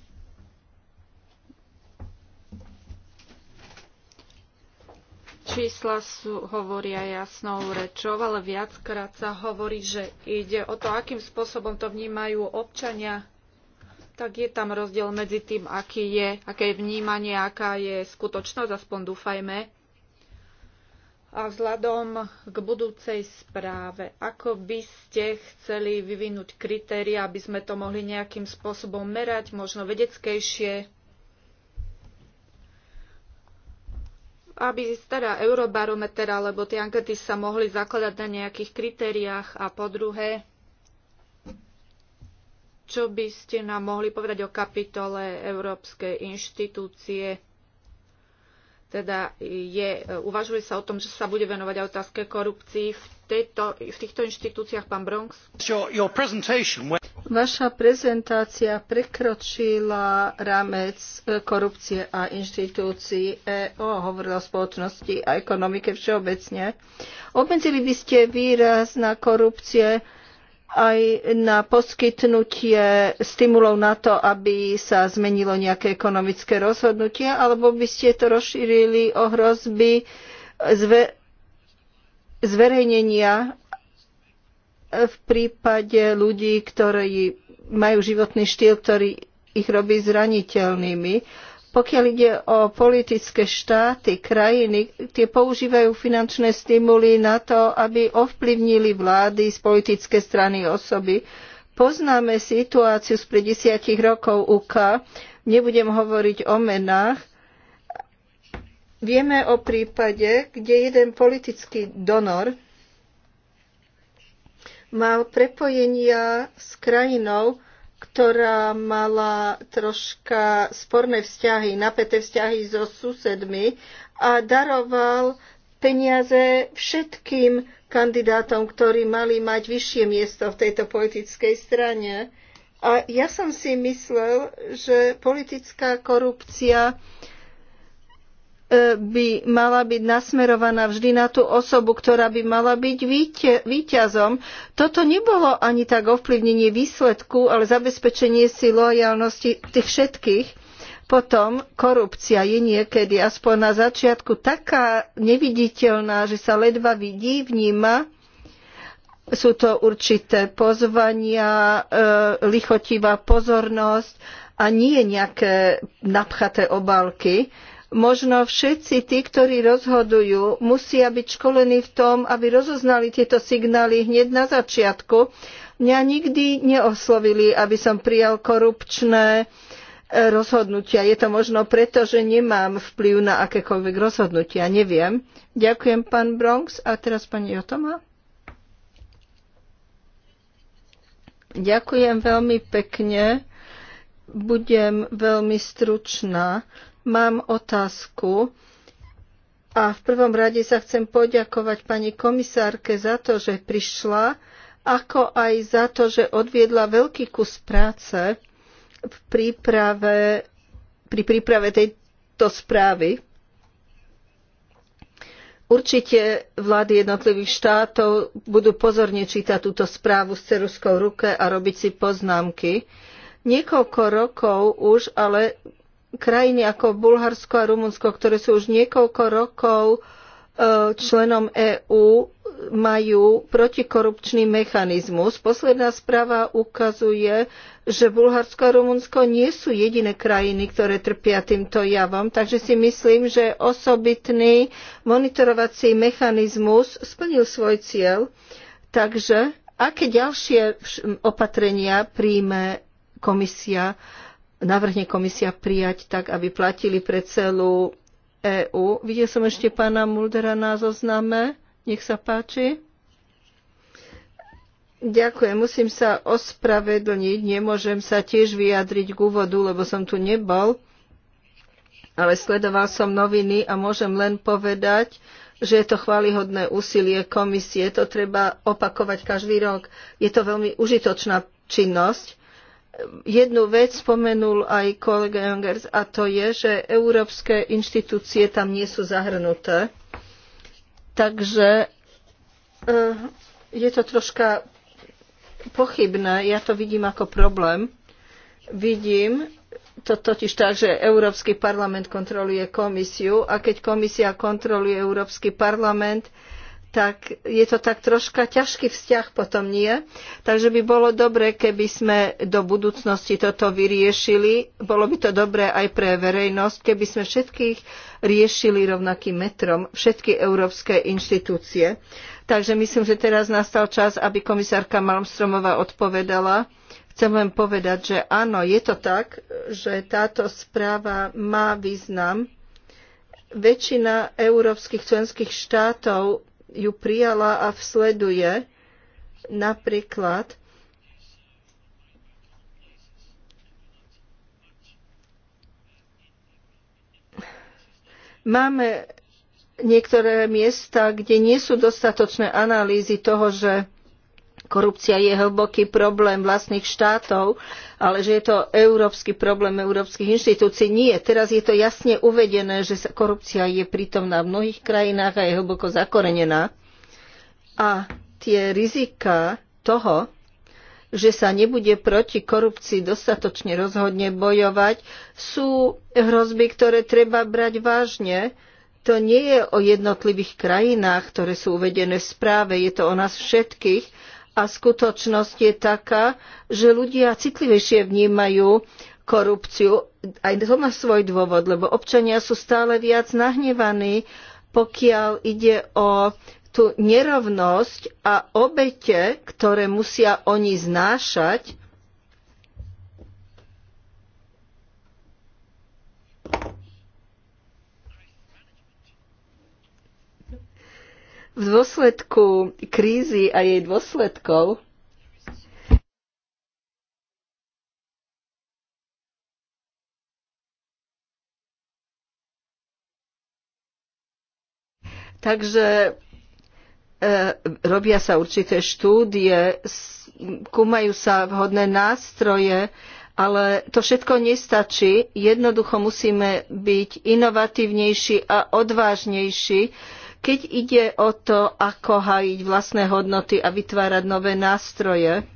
Čísla sú, hovoria jasnou rečou, ale viackrát sa hovorí, že ide o to, akým spôsobom to vnímajú občania tak je tam rozdiel medzi tým, aký je, aké je vnímanie, aká je skutočnosť, aspoň dúfajme. A vzhľadom k budúcej správe, ako by ste chceli vyvinúť kritéria, aby sme to mohli nejakým spôsobom merať, možno vedeckejšie, aby stará teda eurobarometer alebo tie ankety sa mohli zakladať na nejakých kritériách a po druhé, čo by ste nám mohli povedať o kapitole Európskej inštitúcie? Teda je, uvažuje sa o tom, že sa bude venovať aj otázke korupcii v, tejto, v týchto inštitúciách, pán Bronx? Vaša prezentácia prekročila rámec e, korupcie a inštitúcií EO, hovorila o spoločnosti a ekonomike všeobecne. Obmedzili by ste výraz na korupcie aj na poskytnutie stimulov na to, aby sa zmenilo nejaké ekonomické rozhodnutie, alebo by ste to rozšírili o hrozby zve- zverejnenia v prípade ľudí, ktorí majú životný štýl, ktorý ich robí zraniteľnými pokiaľ ide o politické štáty, krajiny, tie používajú finančné stimuly na to, aby ovplyvnili vlády z politické strany osoby. Poznáme situáciu z pred desiatich rokov UK, nebudem hovoriť o menách. Vieme o prípade, kde jeden politický donor mal prepojenia s krajinou, ktorá mala troška sporné vzťahy, napäté vzťahy so susedmi a daroval peniaze všetkým kandidátom, ktorí mali mať vyššie miesto v tejto politickej strane. A ja som si myslel, že politická korupcia E, by mala byť nasmerovaná vždy na tú osobu, ktorá by mala byť víťazom. Toto nebolo ani tak ovplyvnenie výsledku, ale zabezpečenie si lojalnosti tých všetkých. Potom korupcia je niekedy aspoň na začiatku taká neviditeľná, že sa ledva vidí, vníma. Sú to určité pozvania, e, lichotivá pozornosť a nie nejaké napchaté obálky Možno všetci tí, ktorí rozhodujú, musia byť školení v tom, aby rozoznali tieto signály hneď na začiatku. Mňa nikdy neoslovili, aby som prijal korupčné e, rozhodnutia. Je to možno preto, že nemám vplyv na akékoľvek rozhodnutia. Neviem. Ďakujem, pán Bronx. A teraz pani Jotoma. Ďakujem veľmi pekne. Budem veľmi stručná. Mám otázku. A v prvom rade sa chcem poďakovať pani komisárke za to, že prišla, ako aj za to, že odviedla veľký kus práce v príprave, pri príprave tejto správy. Určite vlády jednotlivých štátov budú pozorne čítať túto správu s ceruskou ruke a robiť si poznámky. Niekoľko rokov už ale krajiny ako Bulharsko a Rumunsko, ktoré sú už niekoľko rokov e, členom EÚ, majú protikorupčný mechanizmus. Posledná správa ukazuje, že Bulharsko a Rumunsko nie sú jediné krajiny, ktoré trpia týmto javom, takže si myslím, že osobitný monitorovací mechanizmus splnil svoj cieľ. Takže aké ďalšie opatrenia príjme komisia navrhne komisia prijať tak, aby platili pre celú EÚ. Videl som ešte pána Muldera na zozname. Nech sa páči. Ďakujem, musím sa ospravedlniť, nemôžem sa tiež vyjadriť k úvodu, lebo som tu nebol, ale sledoval som noviny a môžem len povedať, že je to chválihodné úsilie komisie, to treba opakovať každý rok. Je to veľmi užitočná činnosť jednu vec spomenul aj kolega Jongers a to je, že európske inštitúcie tam nie sú zahrnuté. Takže eh, je to troška pochybné, ja to vidím ako problém. Vidím to totiž tak, že Európsky parlament kontroluje komisiu a keď komisia kontroluje Európsky parlament, tak je to tak troška ťažký vzťah, potom nie. Takže by bolo dobre, keby sme do budúcnosti toto vyriešili. Bolo by to dobré aj pre verejnosť, keby sme všetkých riešili rovnakým metrom, všetky európske inštitúcie. Takže myslím, že teraz nastal čas, aby komisárka Malmstromová odpovedala. Chcem len povedať, že áno, je to tak, že táto správa má význam. Väčšina európskych členských štátov ju prijala a vsleduje. Napríklad máme niektoré miesta, kde nie sú dostatočné analýzy toho, že korupcia je hlboký problém vlastných štátov, ale že je to európsky problém európskych inštitúcií. Nie, teraz je to jasne uvedené, že korupcia je prítomná v mnohých krajinách a je hlboko zakorenená. A tie rizika toho, že sa nebude proti korupcii dostatočne rozhodne bojovať, sú hrozby, ktoré treba brať vážne. To nie je o jednotlivých krajinách, ktoré sú uvedené v správe, je to o nás všetkých a skutočnosť je taká, že ľudia citlivejšie vnímajú korupciu. Aj to má svoj dôvod, lebo občania sú stále viac nahnevaní, pokiaľ ide o tú nerovnosť a obete, ktoré musia oni znášať V dôsledku krízy a jej dôsledkov Takže e, robia sa určité štúdie, kúmajú sa vhodné nástroje, ale to všetko nestačí. Jednoducho musíme byť inovatívnejší a odvážnejší keď ide o to, ako hájiť vlastné hodnoty a vytvárať nové nástroje.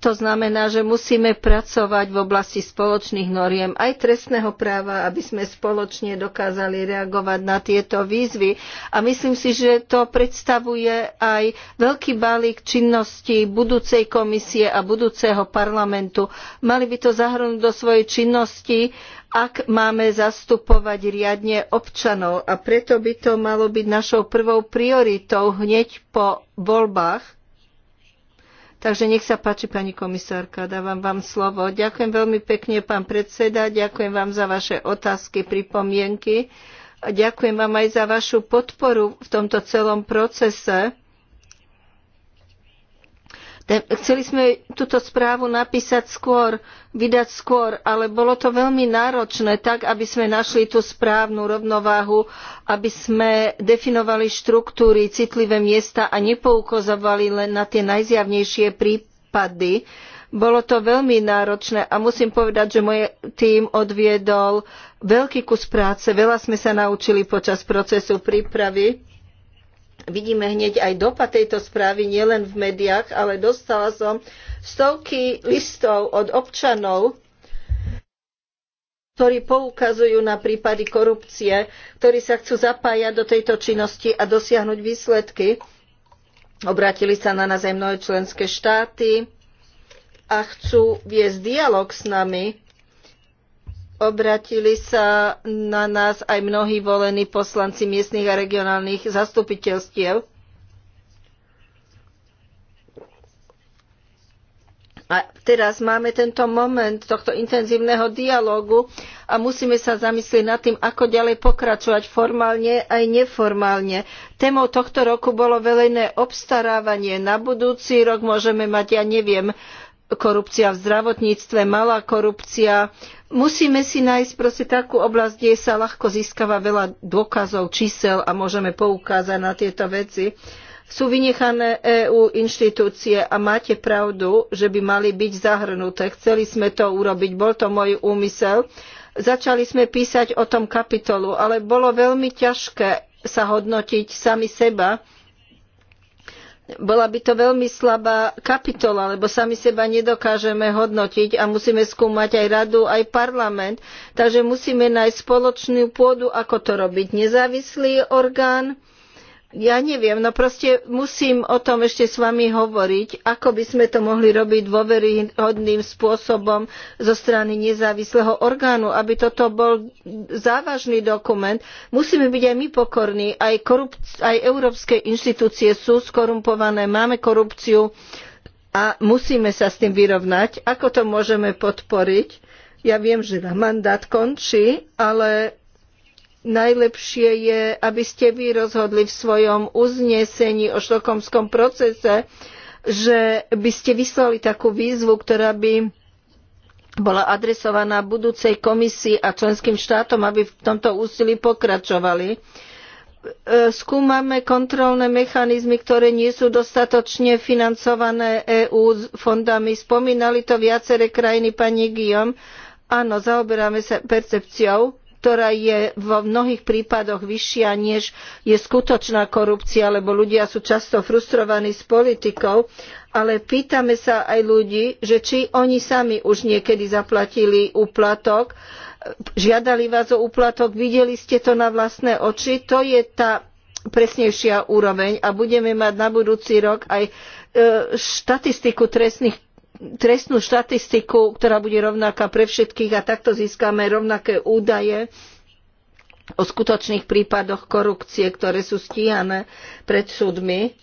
To znamená, že musíme pracovať v oblasti spoločných noriem aj trestného práva, aby sme spoločne dokázali reagovať na tieto výzvy. A myslím si, že to predstavuje aj veľký balík činnosti budúcej komisie a budúceho parlamentu. Mali by to zahrnúť do svojej činnosti, ak máme zastupovať riadne občanov. A preto by to malo byť našou prvou prioritou hneď po voľbách Takže nech sa páči, pani komisárka, dávam vám slovo. Ďakujem veľmi pekne, pán predseda, ďakujem vám za vaše otázky, pripomienky. A ďakujem vám aj za vašu podporu v tomto celom procese Chceli sme túto správu napísať skôr, vydať skôr, ale bolo to veľmi náročné, tak aby sme našli tú správnu rovnováhu, aby sme definovali štruktúry, citlivé miesta a nepoukazovali len na tie najzjavnejšie prípady. Bolo to veľmi náročné a musím povedať, že môj tým odviedol veľký kus práce, veľa sme sa naučili počas procesu prípravy Vidíme hneď aj dopad tejto správy nielen v médiách, ale dostala som stovky listov od občanov, ktorí poukazujú na prípady korupcie, ktorí sa chcú zapájať do tejto činnosti a dosiahnuť výsledky. Obratili sa na nás aj mnohé členské štáty a chcú viesť dialog s nami Obratili sa na nás aj mnohí volení poslanci miestnych a regionálnych zastupiteľstiev. A teraz máme tento moment tohto intenzívneho dialógu a musíme sa zamyslieť nad tým, ako ďalej pokračovať formálne aj neformálne. Témou tohto roku bolo verejné obstarávanie. Na budúci rok môžeme mať, ja neviem, korupcia v zdravotníctve, malá korupcia. Musíme si nájsť proste takú oblasť, kde sa ľahko získava veľa dôkazov, čísel a môžeme poukázať na tieto veci. Sú vynechané EÚ inštitúcie a máte pravdu, že by mali byť zahrnuté. Chceli sme to urobiť, bol to môj úmysel. Začali sme písať o tom kapitolu, ale bolo veľmi ťažké sa hodnotiť sami seba, bola by to veľmi slabá kapitola, lebo sami seba nedokážeme hodnotiť a musíme skúmať aj radu, aj parlament. Takže musíme nájsť spoločnú pôdu, ako to robiť. Nezávislý orgán, ja neviem, no proste musím o tom ešte s vami hovoriť, ako by sme to mohli robiť dôveryhodným spôsobom zo strany nezávislého orgánu, aby toto bol závažný dokument. Musíme byť aj my pokorní, aj, korup- aj európske inštitúcie sú skorumpované, máme korupciu a musíme sa s tým vyrovnať. Ako to môžeme podporiť? Ja viem, že mandát končí, ale najlepšie je, aby ste vy rozhodli v svojom uznesení o štokomskom procese, že by ste vyslali takú výzvu, ktorá by bola adresovaná budúcej komisii a členským štátom, aby v tomto úsilí pokračovali. E, skúmame kontrolné mechanizmy, ktoré nie sú dostatočne financované EÚ fondami. Spomínali to viaceré krajiny, pani Guillaume. Áno, zaoberáme sa percepciou ktorá je vo mnohých prípadoch vyššia, než je skutočná korupcia, lebo ľudia sú často frustrovaní s politikou. Ale pýtame sa aj ľudí, že či oni sami už niekedy zaplatili úplatok, žiadali vás o úplatok, videli ste to na vlastné oči. To je tá presnejšia úroveň a budeme mať na budúci rok aj e, štatistiku trestných trestnú štatistiku, ktorá bude rovnaká pre všetkých a takto získame rovnaké údaje o skutočných prípadoch korupcie, ktoré sú stíhané pred súdmi.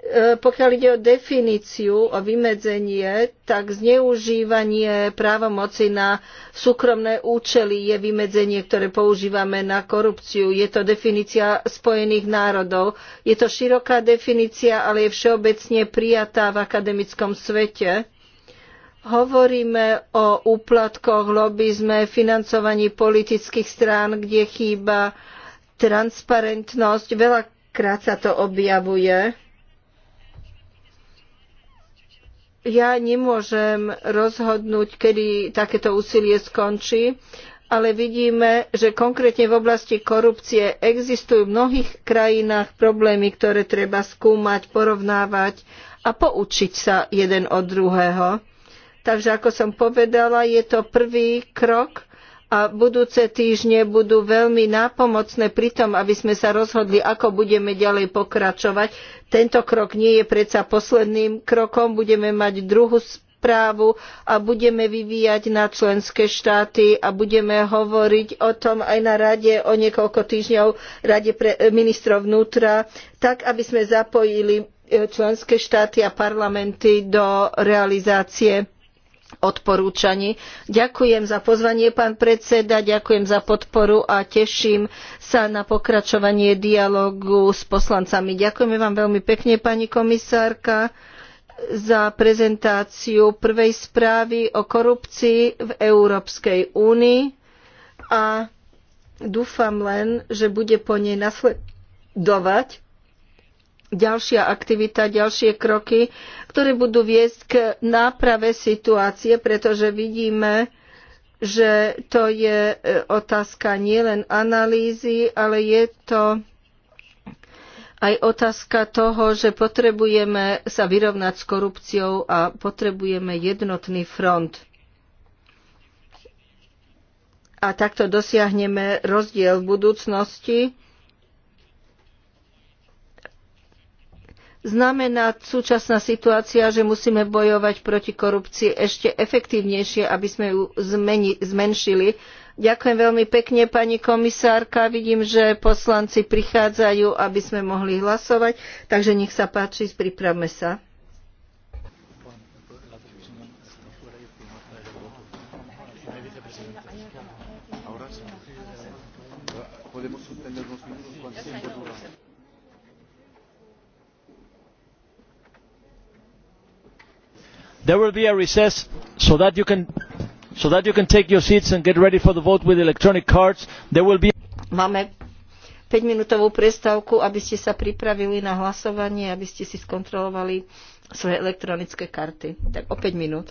E, pokiaľ ide o definíciu, o vymedzenie, tak zneužívanie právomoci na súkromné účely je vymedzenie, ktoré používame na korupciu. Je to definícia Spojených národov. Je to široká definícia, ale je všeobecne prijatá v akademickom svete Hovoríme o úplatkoch, lobizme, financovaní politických strán, kde chýba transparentnosť. Veľakrát sa to objavuje. Ja nemôžem rozhodnúť, kedy takéto úsilie skončí, ale vidíme, že konkrétne v oblasti korupcie existujú v mnohých krajinách problémy, ktoré treba skúmať, porovnávať a poučiť sa jeden od druhého. Takže ako som povedala, je to prvý krok a budúce týždne budú veľmi nápomocné pri tom, aby sme sa rozhodli, ako budeme ďalej pokračovať. Tento krok nie je predsa posledným krokom, budeme mať druhú správu a budeme vyvíjať na členské štáty a budeme hovoriť o tom aj na rade o niekoľko týždňov, rade pre eh, ministrov vnútra, tak aby sme zapojili eh, členské štáty a parlamenty do realizácie odporúčaní. Ďakujem za pozvanie, pán predseda, ďakujem za podporu a teším sa na pokračovanie dialógu s poslancami. Ďakujeme vám veľmi pekne, pani komisárka za prezentáciu prvej správy o korupcii v Európskej únii a dúfam len, že bude po nej nasledovať ďalšia aktivita, ďalšie kroky, ktoré budú viesť k náprave situácie, pretože vidíme, že to je e, otázka nielen analýzy, ale je to aj otázka toho, že potrebujeme sa vyrovnať s korupciou a potrebujeme jednotný front. A takto dosiahneme rozdiel v budúcnosti Znamená súčasná situácia, že musíme bojovať proti korupcii ešte efektívnejšie, aby sme ju zmeni, zmenšili. Ďakujem veľmi pekne, pani komisárka. Vidím, že poslanci prichádzajú, aby sme mohli hlasovať. Takže nech sa páči, pripravme sa. there will be a recess so that you can so that you can take your seats and get ready for the vote with electronic cards there will be Máme 5 minútovú prestávku, aby ste sa pripravili na hlasovanie, aby ste si skontrolovali svoje elektronické karty. Tak o 5 minút.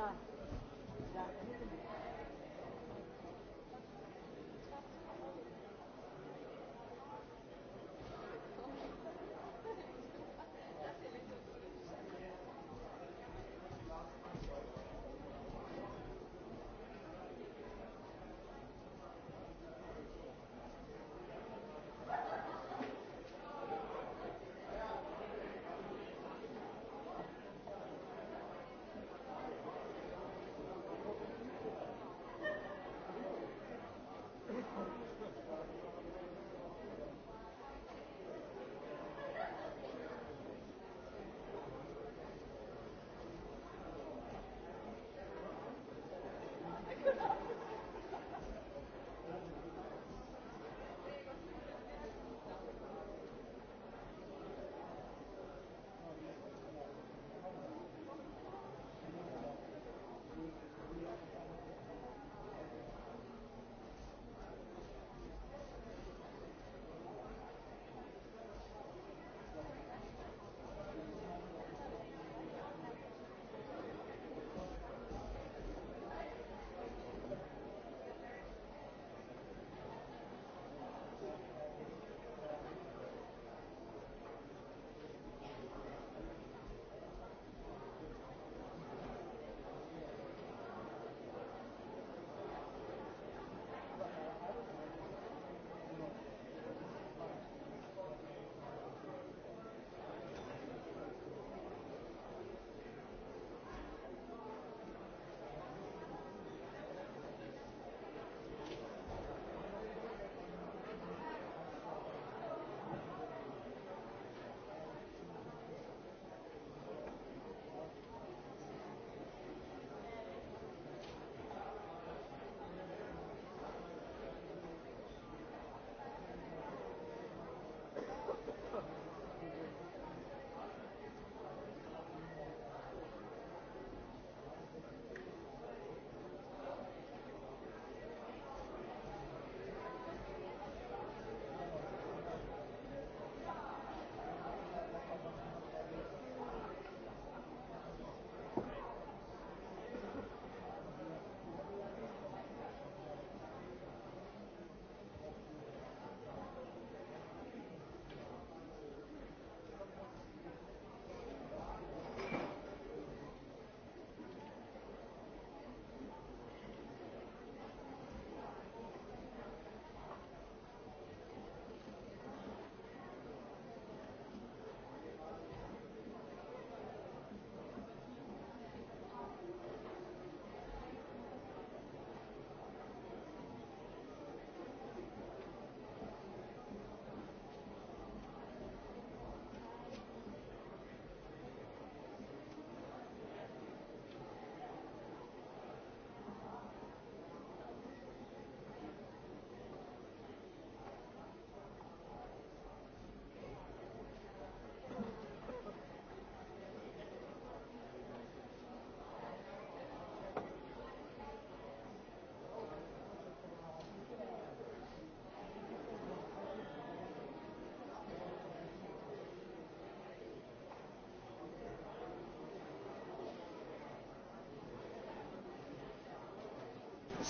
nine.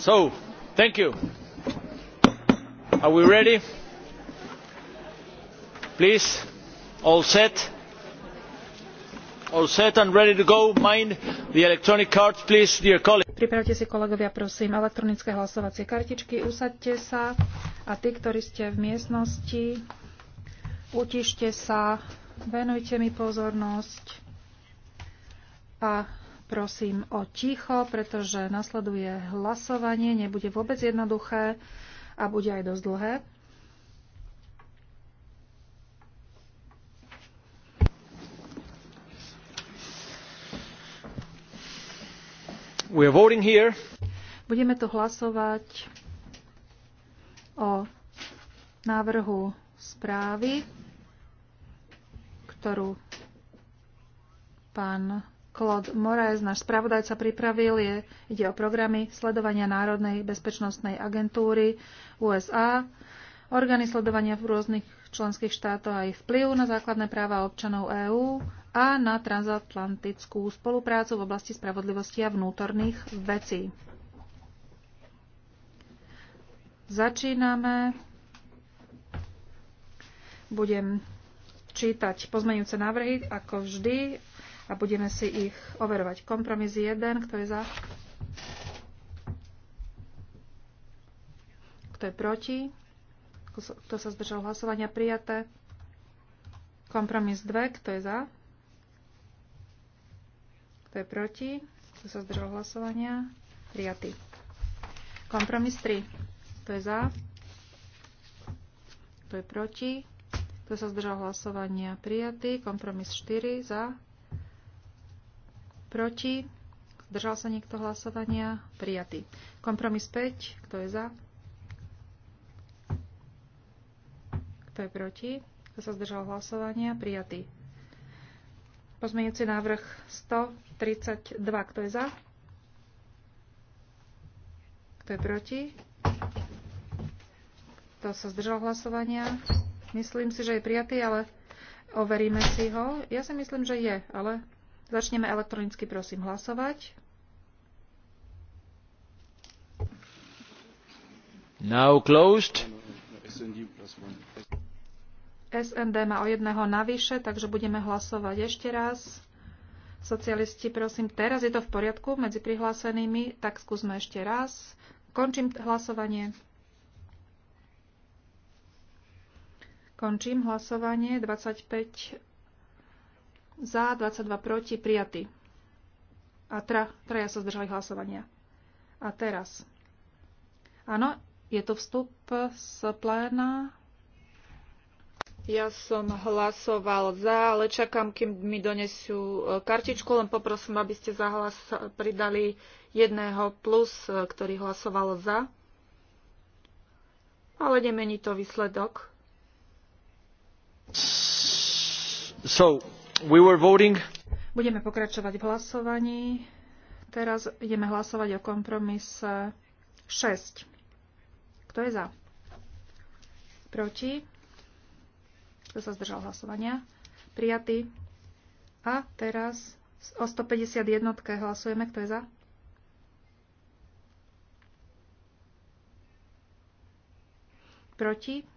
So, thank you. Are we ready? Please, all set? All set and ready to go. Mind the electronic cards, please, dear colleagues. Pripravte si, kolegovia, prosím, elektronické hlasovacie kartičky. Usaďte sa a tí, ktorí ste v miestnosti, utište sa, venujte mi pozornosť a Prosím o ticho, pretože nasleduje hlasovanie, nebude vôbec jednoduché a bude aj dosť dlhé. We are voting here. Budeme tu hlasovať o návrhu správy, ktorú pán Claude Moraes, náš spravodajca, pripravil. Je, ide o programy sledovania Národnej bezpečnostnej agentúry USA, orgány sledovania v rôznych členských štátoch a ich vplyv na základné práva občanov EÚ a na transatlantickú spoluprácu v oblasti spravodlivosti a vnútorných vecí. Začíname. Budem čítať pozmeňujúce návrhy, ako vždy a budeme si ich overovať. Kompromis 1, kto je za? Kto je proti? Kto sa zdržal hlasovania? Prijaté. Kompromis 2, kto je za? Kto je proti? Kto sa zdržal hlasovania? Prijatý. Kompromis 3, kto je za? Kto je proti? Kto sa zdržal hlasovania? Prijatý. Kompromis 4 za. Proti? Zdržal sa niekto hlasovania? Prijatý. Kompromis 5. Kto je za? Kto je proti? Kto sa zdržal hlasovania? Prijatý. Pozmeňujúci návrh 132. Kto je za? Kto je proti? Kto sa zdržal hlasovania? Myslím si, že je prijatý, ale overíme si ho. Ja si myslím, že je, ale Začneme elektronicky, prosím, hlasovať. Now closed. SND má o jedného navyše, takže budeme hlasovať ešte raz. Socialisti, prosím, teraz je to v poriadku medzi prihlásenými, tak skúsme ešte raz. Končím hlasovanie. Končím hlasovanie. 25 za, 22 proti, prijatý. A tra, traja sa zdržali hlasovania. A teraz. Áno, je to vstup z pléna. Ja som hlasoval za, ale čakám, kým mi donesú e, kartičku, len poprosím, aby ste za hlas pridali jedného plus, e, ktorý hlasoval za. Ale nemení to výsledok. So, Budeme pokračovať v hlasovaní. Teraz ideme hlasovať o kompromise 6. Kto je za? Proti? Kto sa zdržal hlasovania? Prijatý. A teraz o 151 hlasujeme. Kto je za? Proti?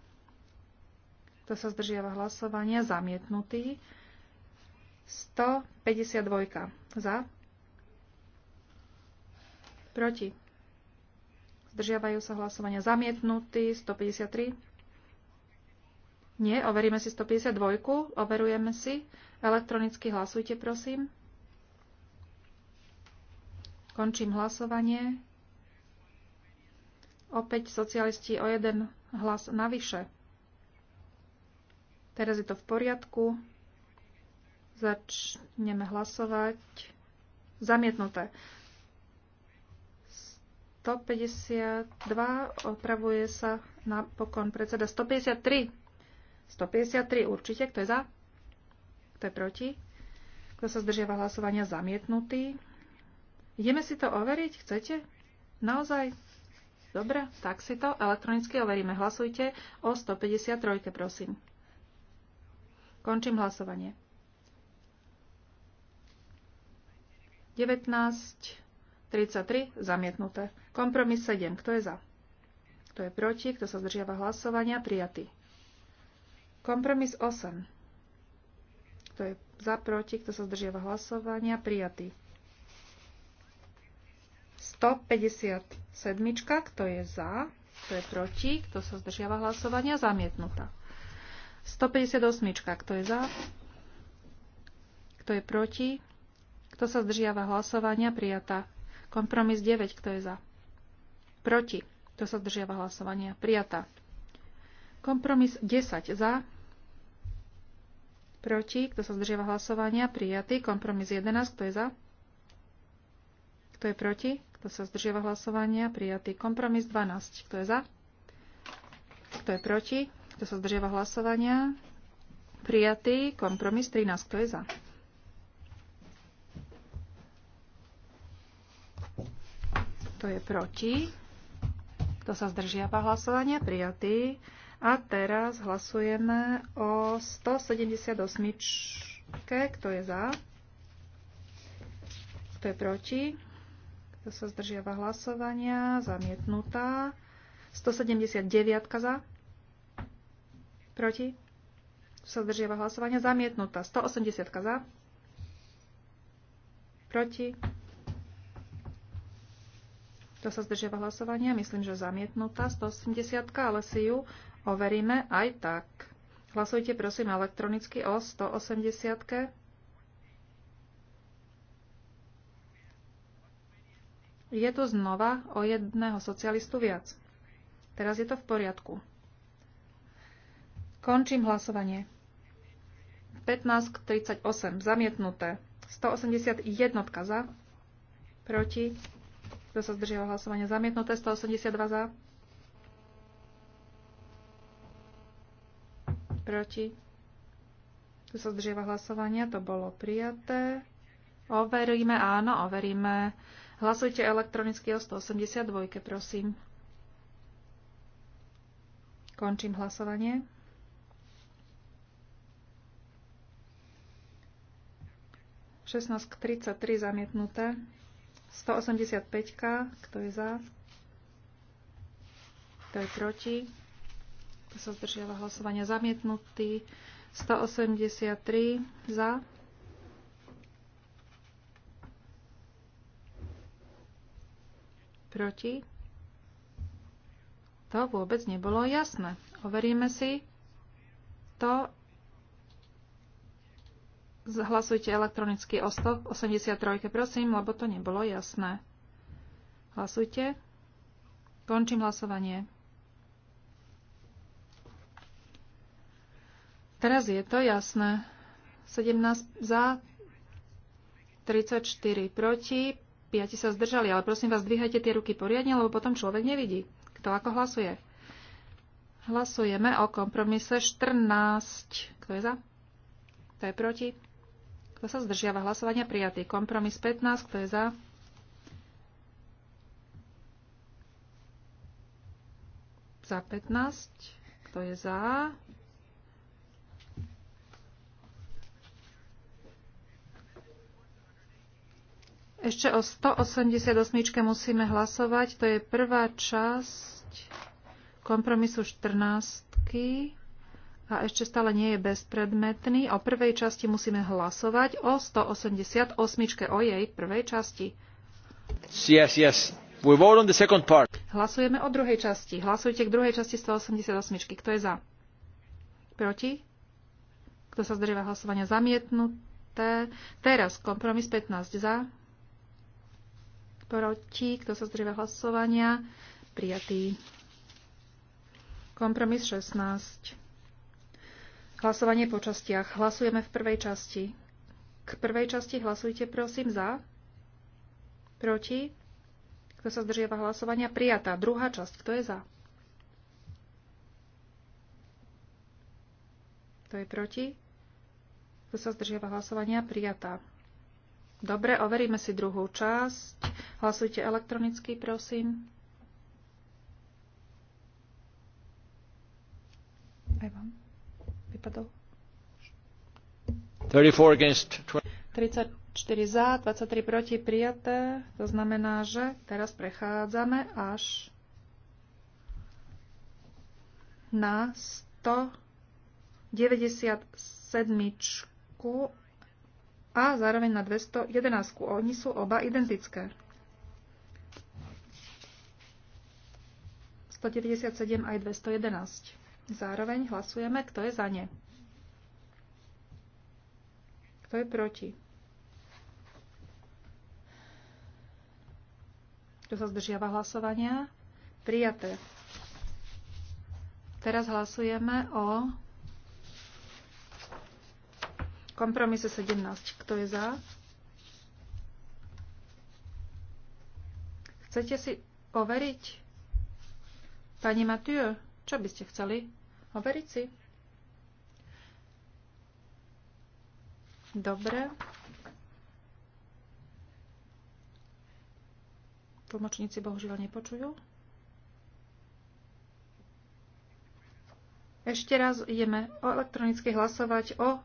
Kto sa zdržiava hlasovania? Zamietnutý. 152 za, proti, zdržiavajú sa hlasovania zamietnutý, 153, nie, overíme si 152, overujeme si, elektronicky hlasujte prosím. Končím hlasovanie. Opäť socialisti o jeden hlas navyše. Teraz je to v poriadku. Začneme hlasovať. Zamietnuté. 152, opravuje sa napokon predseda. 153. 153 určite, kto je za? Kto je proti? Kto sa zdržiava hlasovania? Zamietnutý. Ideme si to overiť? Chcete? Naozaj? Dobre, tak si to elektronicky overíme. Hlasujte o 153, prosím. Končím hlasovanie. 19, 33, zamietnuté. Kompromis 7, kto je za? Kto je proti? Kto sa zdržiava hlasovania? Prijatý. Kompromis 8, kto je za, proti? Kto sa zdržiava hlasovania? Prijatý. 157, kto je za? Kto je proti? Kto sa zdržiava hlasovania? Zamietnutá. 158, kto je za? Kto je proti? Kto sa zdržiava hlasovania? Prijatá. Kompromis 9. Kto je za? Proti. Kto sa zdržiava hlasovania? Prijatá. Kompromis 10. Za. Proti. Kto sa zdržiava hlasovania? Prijatý. Kompromis 11. Kto je za? Kto je proti? Kto sa zdržiava hlasovania? Prijatý. Kompromis 12. Kto je za? Kto je proti? Kto sa zdržiava hlasovania? Prijatý. Kompromis 13. Kto je za? Kto je proti? Kto sa zdržiava hlasovania? Prijatý. A teraz hlasujeme o 178. Kto je za? Kto je proti? Kto sa zdržiava hlasovania? Zamietnutá. 179 za? Proti? Kto sa zdržiava hlasovania? Zamietnutá. 180 za? Proti? Kto sa zdržiava hlasovania? Myslím, že zamietnutá 180, ale si ju overíme aj tak. Hlasujte prosím elektronicky o 180. Je tu znova o jedného socialistu viac. Teraz je to v poriadku. Končím hlasovanie. 15 k 38. Zamietnuté. 181 za. Proti kto sa zdržiava hlasovania? Zamietnuté 182 za. Proti. Kto sa zdržiava hlasovania? To bolo prijaté. Overíme, áno, overíme. Hlasujte elektronicky o 182, prosím. Končím hlasovanie. Šestnáct k 33 zamietnuté. 185, kto je za, kto je proti, kto sa zdržiava hlasovania zamietnutý, 183 za, proti. To vôbec nebolo jasné. Overíme si to Hlasujte elektronicky o 183, prosím, lebo to nebolo jasné. Hlasujte. Končím hlasovanie. Teraz je to jasné. 17 za, 34 proti, 5 sa zdržali, ale prosím vás, dvíhajte tie ruky poriadne, lebo potom človek nevidí, kto ako hlasuje. Hlasujeme o kompromise 14. Kto je za? Kto je proti? Kto sa zdržiava hlasovania? Prijatý. Kompromis 15. Kto je za? Za 15. Kto je za? Ešte o 188 musíme hlasovať. To je prvá časť kompromisu 14 a ešte stále nie je bezpredmetný. O prvej časti musíme hlasovať o 188. o jej prvej časti. Yes, yes. We vote on the second part. Hlasujeme o druhej časti. Hlasujte k druhej časti 188. Kto je za? Proti? Kto sa zdrieva hlasovania? Zamietnuté. Teraz kompromis 15 za. Proti? Kto sa zdrieva hlasovania? Prijatý. Kompromis 16. Hlasovanie po častiach. Hlasujeme v prvej časti. K prvej časti hlasujte prosím za. Proti. Kto sa zdržiava hlasovania? Prijatá. Druhá časť. Kto je za? Kto je proti? Kto sa zdržiava hlasovania? Prijatá. Dobre, overíme si druhú časť. Hlasujte elektronicky, prosím. Aj vám prípadov. 34 za, 23 proti, prijaté. To znamená, že teraz prechádzame až na 197 a zároveň na 211. Oni sú oba identické. 197 aj 211. Zároveň hlasujeme, kto je za ne. Kto je proti? Kto sa zdržiava hlasovania? Prijaté. Teraz hlasujeme o kompromise 17. Kto je za? Chcete si overiť? Pani Mathieu? Čo by ste chceli? Overiť si? Dobre. Tlmočníci bohužiaľ nepočujú. Ešte raz ideme elektronicky hlasovať o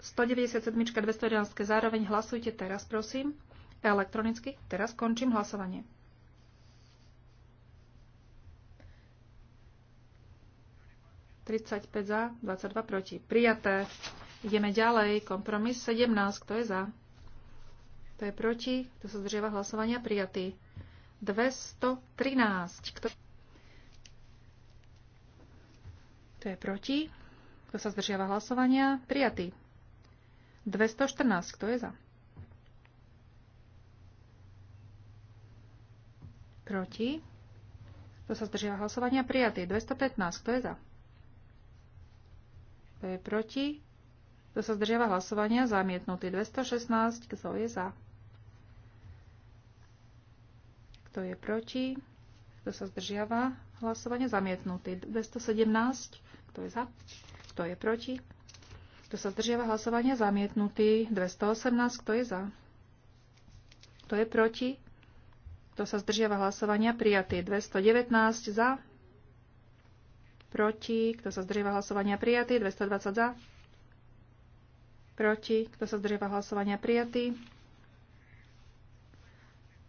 197. 211. Zároveň hlasujte teraz, prosím. Elektronicky. Teraz končím hlasovanie. 35 za, 22 proti. Prijaté. Ideme ďalej. Kompromis 17. Kto je za? Kto je proti? Kto sa zdržiava hlasovania? Prijatý. 213. Kto... Kto je proti? Kto sa zdržiava hlasovania? Prijatý. 214. Kto je za? Proti. Kto sa zdržiava hlasovania? Prijatý. 215. Kto je za? Kto je proti? Kto sa zdržiava hlasovania? Zamietnutý. 216. Kto je za? Kto je proti? Kto sa zdržiava hlasovania? Zamietnutý. 217. Kto je za? Kto je proti? Kto sa zdržiava hlasovania? Zamietnutý. 218. Kto je za? Kto je proti? Kto sa zdržiava hlasovania? Prijatý. 219 za proti, kto sa zdrieva hlasovania prijatý, 220 za, proti, kto sa zdrieva hlasovania prijatý,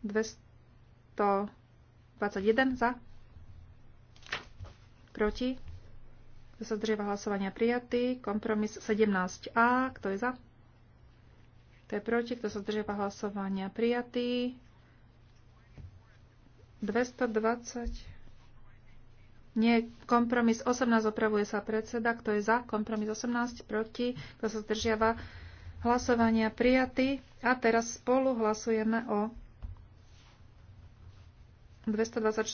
221 za, proti, kto sa zdrieva hlasovania prijatý, kompromis 17a, kto je za, kto je proti, kto sa zdrieva hlasovania prijatý, 220 nie, kompromis 18 opravuje sa predseda. Kto je za? Kompromis 18 proti. Kto sa zdržiava? Hlasovania prijatý. A teraz spolu hlasujeme o 224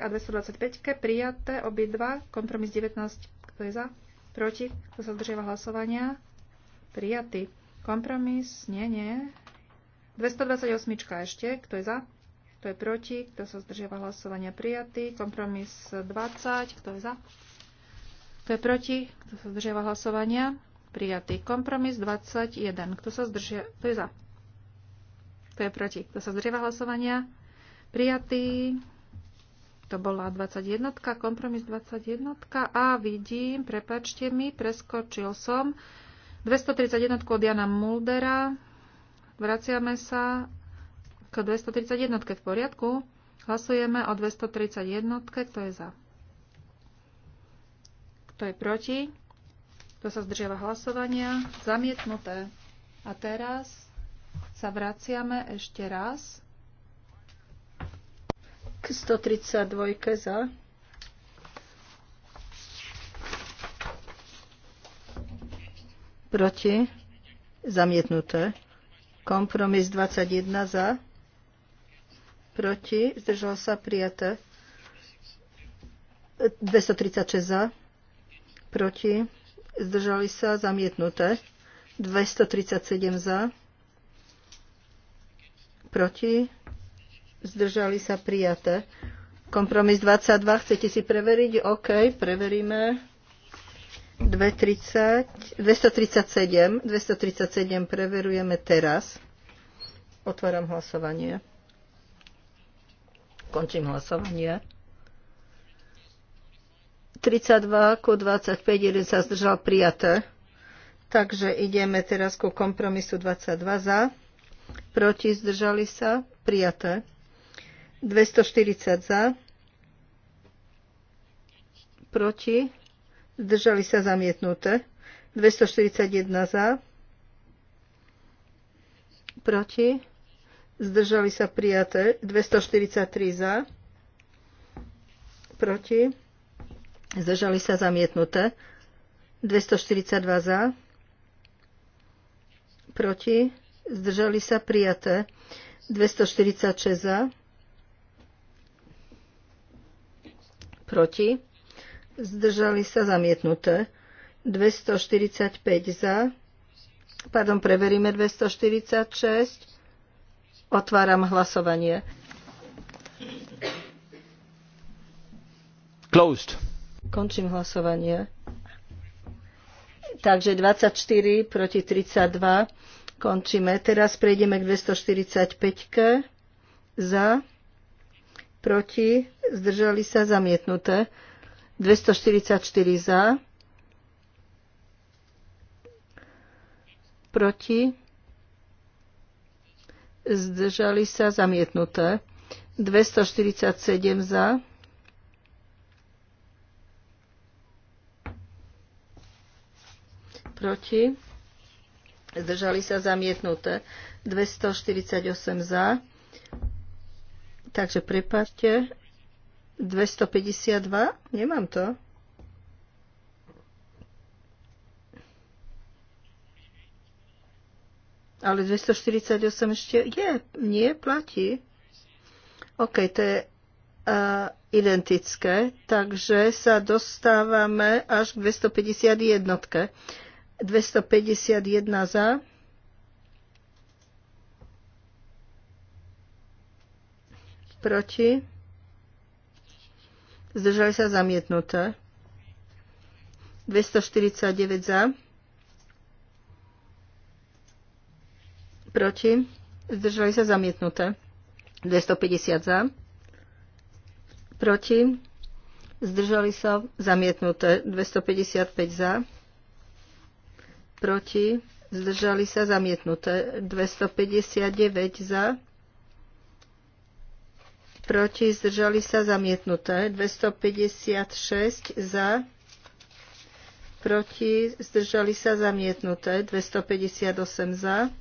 a 225 prijaté obidva. Kompromis 19. Kto je za? Proti. Kto sa zdržiava hlasovania? Prijatý. Kompromis? Nie, nie. 228 ešte. Kto je za? Kto je proti? Kto sa zdržiava hlasovania? Prijatý. Kompromis 20. Kto je za? Kto je proti? Kto sa zdržiava hlasovania? Prijatý. Kompromis 21. Kto sa zdržia... Kto je za? Kto je proti? Kto sa zdržiava hlasovania? Prijatý. To bola 21, kompromis 21. A vidím, prepačte mi, preskočil som 231 od Jana Muldera. Vraciame sa k 231 v poriadku. Hlasujeme o 231, kto je za. Kto je proti? Kto sa zdržiava hlasovania? Zamietnuté. A teraz sa vraciame ešte raz k 132 za. Proti. Zamietnuté. Kompromis 21 za proti, zdržal sa, prijaté. 236 za, proti, zdržali sa, zamietnuté. 237 za, proti, zdržali sa, prijaté. Kompromis 22, chcete si preveriť? OK, preveríme. 230, 237, 237 preverujeme teraz. Otváram hlasovanie. Končím hlasovanie. 32 ku 25, jeden sa zdržal prijaté. Takže ideme teraz ku kompromisu 22 za, proti zdržali sa, prijaté. 240 za, proti, zdržali sa zamietnuté. 241 za, proti, zdržali sa prijaté 243 za, proti, zdržali sa zamietnuté 242 za, proti, zdržali sa prijaté 246 za, proti, zdržali sa zamietnuté 245 za, pardon, preveríme 246, Otváram hlasovanie. Closed. Končím hlasovanie. Takže 24 proti 32. Končíme. Teraz prejdeme k 245. -ke. Za. Proti. Zdržali sa zamietnuté. 244 za. Proti zdržali sa, zamietnuté. 247 za, proti, zdržali sa, zamietnuté. 248 za, takže prepáčte, 252, nemám to. Ale 248 ešte je, nie, platí. OK, to je uh, identické, takže sa dostávame až k 251. 251 za. Proti? Zdržali sa zamietnuté. 249 za. proti, zdržali sa zamietnuté. 250 za, proti, zdržali sa zamietnuté. 255 za, proti, zdržali sa zamietnuté. 259 za, proti, zdržali sa zamietnuté. 256 za, proti, zdržali sa zamietnuté. 258 za,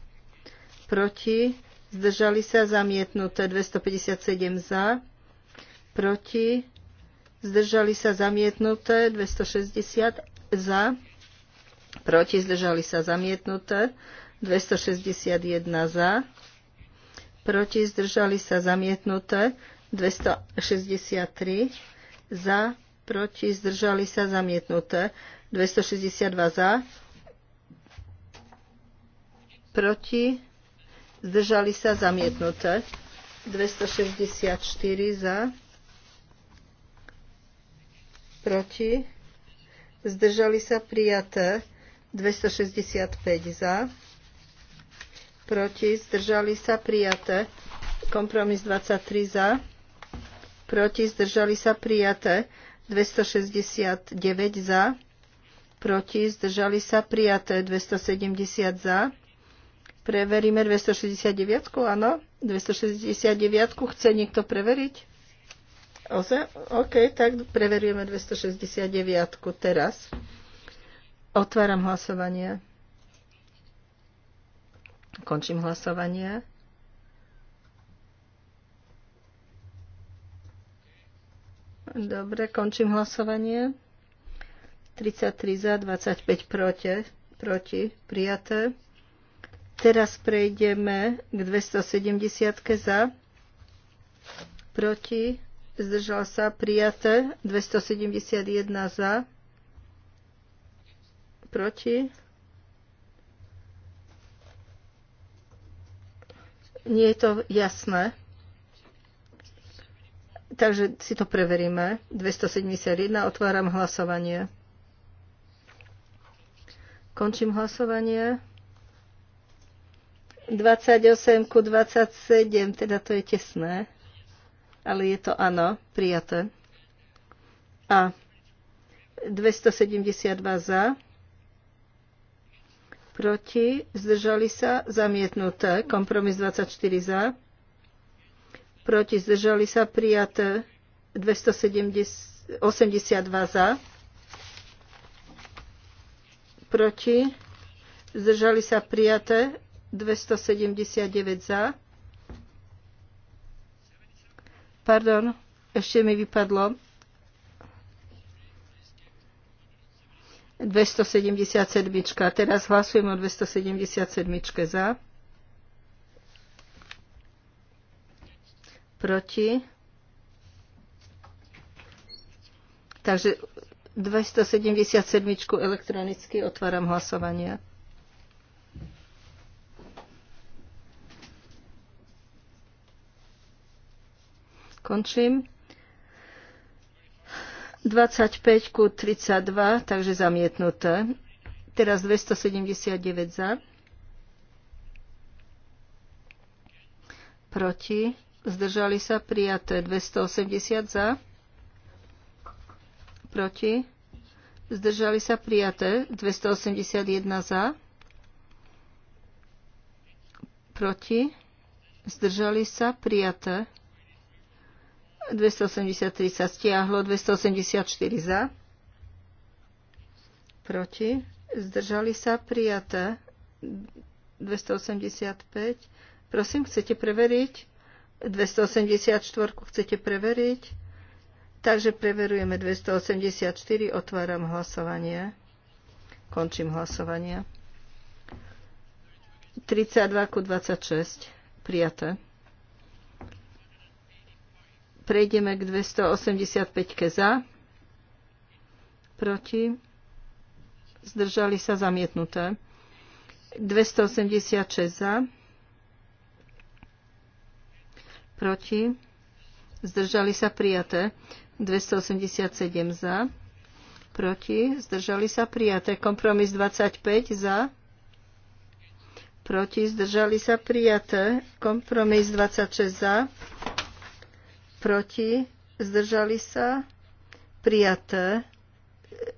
proti, zdržali sa zamietnuté 257 za, proti, zdržali sa zamietnuté 260 za, proti, zdržali sa zamietnuté 261 za, proti, zdržali sa zamietnuté 263 za, proti, zdržali sa zamietnuté 262 za, proti, zdržali sa zamietnuté. 264 za, proti, zdržali sa prijaté. 265 za, proti, zdržali sa prijaté. Kompromis 23 za, proti, zdržali sa prijaté. 269 za, proti, zdržali sa prijaté. 270 za, Preveríme 269, áno? 269 chce niekto preveriť? Oze? OK, tak preverujeme 269 teraz. Otváram hlasovanie. Končím hlasovanie. Dobre, končím hlasovanie. 33 za, 25 proti, proti prijaté. Teraz prejdeme k 270 za. Proti. Zdržal sa. Prijaté. 271 za. Proti. Nie je to jasné. Takže si to preveríme. 271. Otváram hlasovanie. Končím hlasovanie. 28 ku 27, teda to je tesné, ale je to áno, prijaté. A 272 za, proti, zdržali sa, zamietnuté. Kompromis 24 za, proti, zdržali sa, prijaté. 282 za, proti, zdržali sa, prijaté. 279 za. Pardon, ešte mi vypadlo. 277. Teraz hlasujem o 277. za. Proti. Takže 277. elektronicky otváram hlasovanie. Končím. 25 ku 32, takže zamietnuté. Teraz 279 za. Proti. Zdržali sa prijaté 280 za. Proti. Zdržali sa prijaté 281 za. Proti. Zdržali sa prijaté 283 sa stiahlo, 284 za. Proti. Zdržali sa prijaté. 285. Prosím, chcete preveriť? 284 chcete preveriť? Takže preverujeme 284. Otváram hlasovanie. Končím hlasovanie. 32 ku 26. Prijaté. Prejdeme k 285 keza. za. Proti. Zdržali sa zamietnuté. 286 za. Proti. Zdržali sa prijaté. 287 za. Proti. Zdržali sa prijaté. Kompromis 25 za. Proti. Zdržali sa prijaté. Kompromis 26 za proti, zdržali sa, prijaté,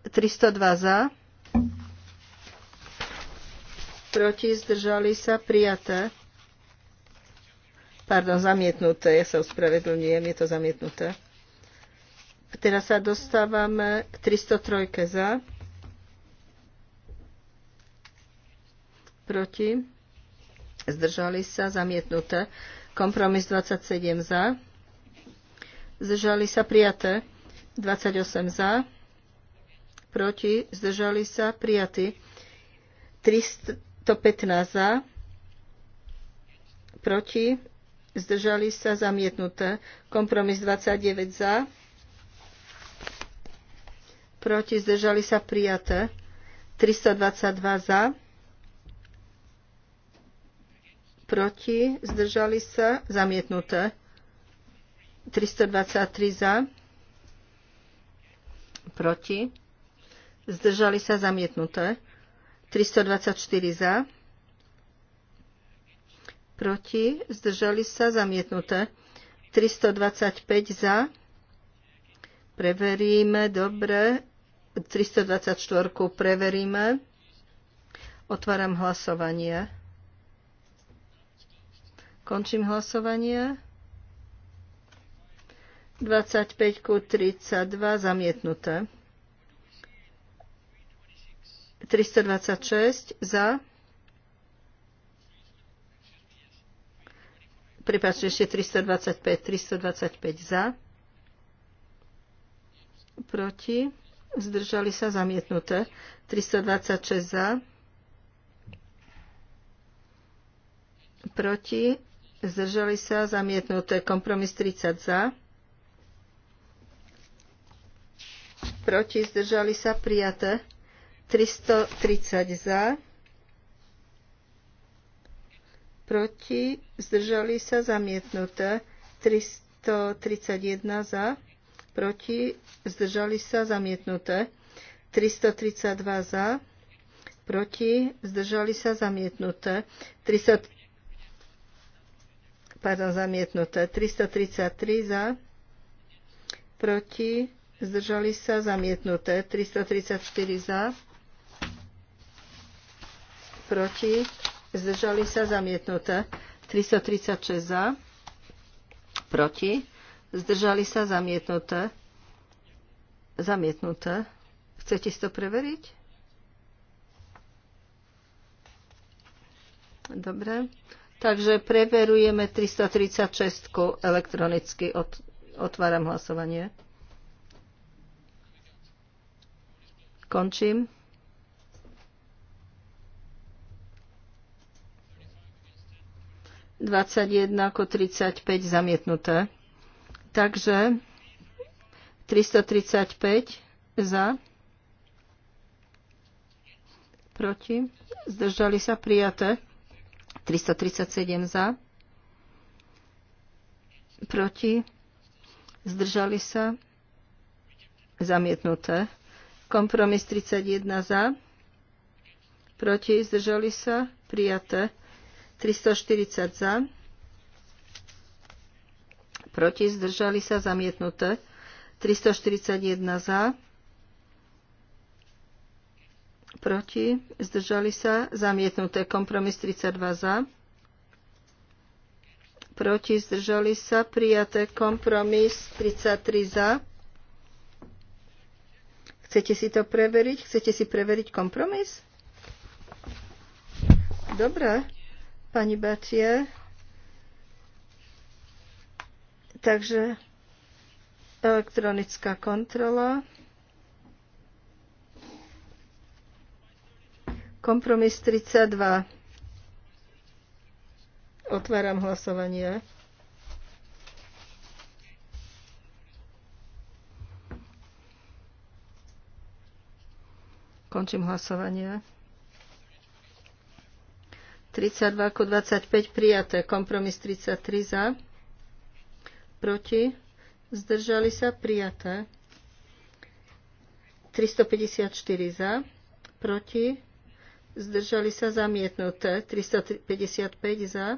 302 za, proti, zdržali sa, prijaté, pardon, zamietnuté, ja sa ospravedlňujem, je to zamietnuté. Teraz sa dostávame k 303 za, proti, zdržali sa, zamietnuté, kompromis 27 za, zdržali sa prijaté. 28 za, proti, zdržali sa prijatí. 315 za, proti, zdržali sa zamietnuté. Kompromis 29 za, proti, zdržali sa prijaté. 322 za, proti, zdržali sa zamietnuté. 323 za, proti, zdržali sa zamietnuté, 324 za, proti, zdržali sa zamietnuté, 325 za, preveríme, dobre, 324 preveríme, otváram hlasovanie, končím hlasovanie, 25 ku 32 zamietnuté. 326 za. Prepáčte, ešte 325. 325 za. Proti. Zdržali sa zamietnuté. 326 za. Proti. Zdržali sa zamietnuté. Kompromis 30 za proti, zdržali sa prijaté. 330 za, proti, zdržali sa zamietnuté. 331 za, proti, zdržali sa zamietnuté. 332 za, proti, zdržali sa zamietnuté. 300, pardon, zamietnuté. 333 za, proti, Zdržali sa zamietnuté. 334 za. Proti. Zdržali sa zamietnuté. 336 za. Proti. Zdržali sa zamietnuté. Zamietnuté. Chcete si to preveriť? Dobre. Takže preverujeme 336 elektronicky. Otváram hlasovanie. Končím. Dvadsaťjedna ako pět, zamietnuté. Takže 335 za, proti, zdržali sa prijaté, 337 za, proti, zdržali sa, zamietnuté, Kompromis 31 za. Proti zdržali sa. Prijaté. 340 za. Proti zdržali sa. Zamietnuté. 341 za. Proti zdržali sa. Zamietnuté. Kompromis 32 za. Proti zdržali sa. Prijaté. Kompromis 33 za Chcete si to preveriť? Chcete si preveriť kompromis? Dobre, pani Batie. Takže elektronická kontrola. Kompromis 32. Otváram hlasovanie. Končím hlasovanie. 32 ako 25 prijaté. Kompromis 33 za. Proti. Zdržali sa prijaté. 354 za. Proti. Zdržali sa zamietnuté. 355 za.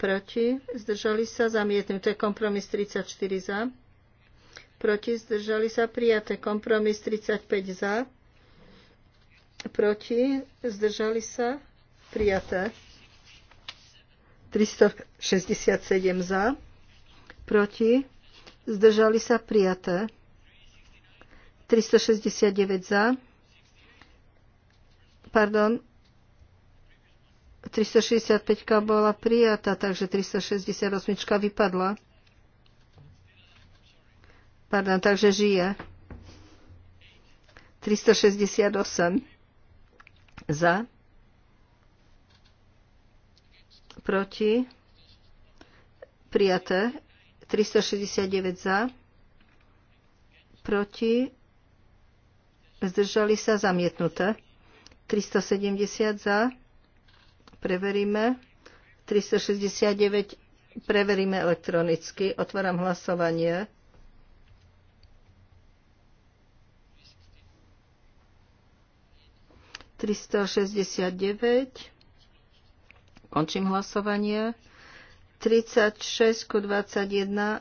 Proti. Zdržali sa zamietnuté. Kompromis 34 za proti, zdržali sa prijaté. Kompromis 35 za, proti, zdržali sa prijaté. 367 za, proti, zdržali sa prijaté. 369 za, pardon, 365 bola prijatá, takže 368 vypadla. Pardon, takže žije. 368 za, proti, prijaté, 369 za, proti, zdržali sa, zamietnuté, 370 za, preveríme, 369 preveríme elektronicky, otváram hlasovanie. 369. Končím hlasovanie. 36 ku 21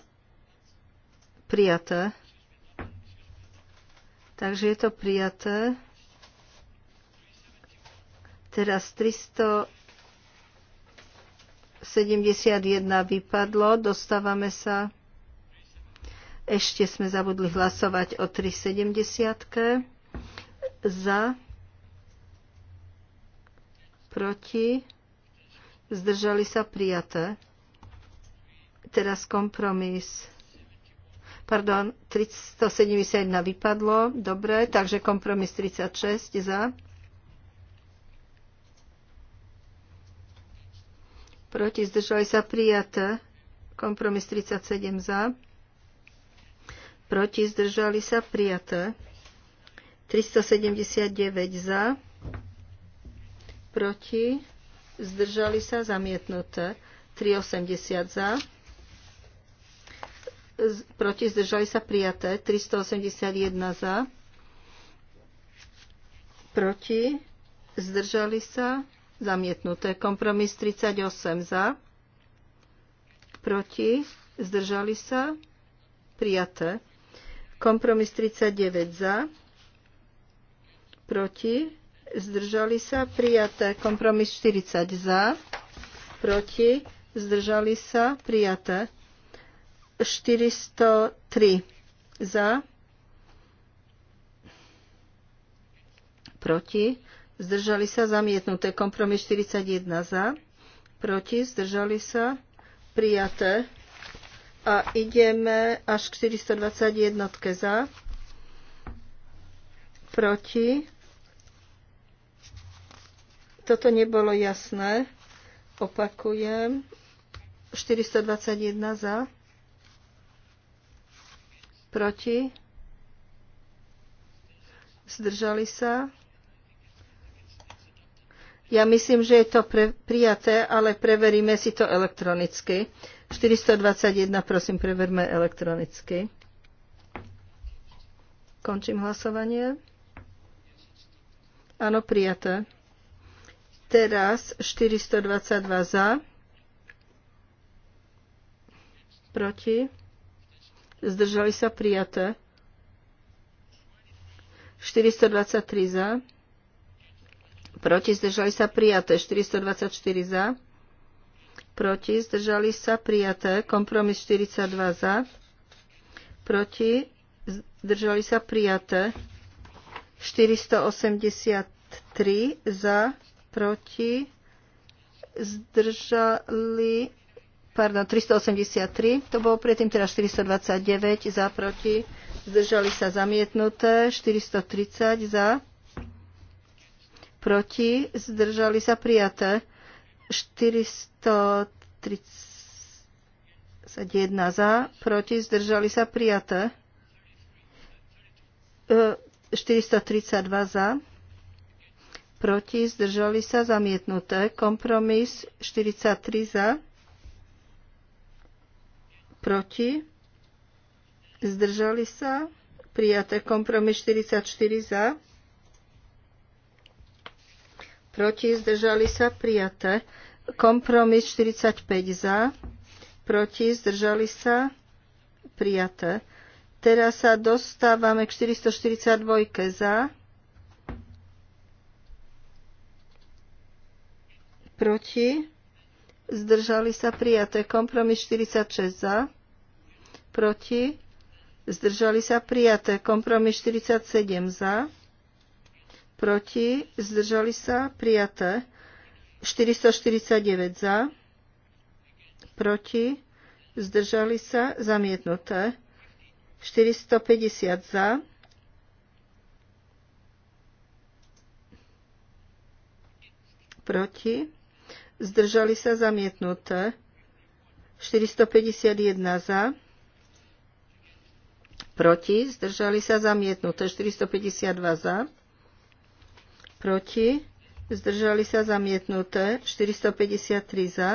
prijaté. Takže je to prijaté. Teraz 371 vypadlo. Dostávame sa. Ešte sme zabudli hlasovať o 370. Za proti, zdržali sa prijaté. Teraz kompromis. Pardon, 371 vypadlo, dobre, takže kompromis 36 za. Proti zdržali sa prijaté. Kompromis 37 za. Proti zdržali sa prijaté. 379 za proti, zdržali sa, zamietnuté. 380 za, proti, zdržali sa, prijaté. 381 za, proti, zdržali sa, zamietnuté. Kompromis 38 za, proti, zdržali sa, prijaté. Kompromis 39 za, proti, zdržali sa, prijaté. Kompromis 40 za, proti, zdržali sa, prijaté. 403 za, proti, zdržali sa, zamietnuté. Kompromis 41 za, proti, zdržali sa, prijaté. A ideme až k 421 za, proti, toto nebolo jasné. Opakujem. 421 za. Proti. Zdržali sa. Ja myslím, že je to pre, prijaté, ale preveríme si to elektronicky. 421, prosím, preverme elektronicky. Končím hlasovanie. Áno, prijaté. Teraz 422 za, proti, zdržali sa prijaté. 423 za, proti, zdržali sa prijaté. 424 za, proti, zdržali sa prijaté. Kompromis 42 za, proti, zdržali sa prijaté. 483 za, proti, zdržali, pardon, 383, to bolo predtým teda 429 za, proti, zdržali sa zamietnuté, 430 za, proti, zdržali sa prijaté, 431 za, proti, zdržali sa prijaté, 432 e, za, proti, zdržali sa, zamietnuté. Kompromis 43 za, proti, zdržali sa, prijaté. Kompromis 44 za, proti, zdržali sa, prijaté. Kompromis 45 za, proti, zdržali sa, prijaté. Teraz sa dostávame k 442 za, proti, zdržali sa prijaté. Kompromis 46 za, proti, zdržali sa prijaté. Kompromis 47 za, proti, zdržali sa prijaté. 449 za, proti, zdržali sa zamietnuté. 450 za, proti, zdržali sa zamietnuté, 451 za, proti, zdržali sa zamietnuté, 452 za, proti, zdržali sa zamietnuté, 453 za,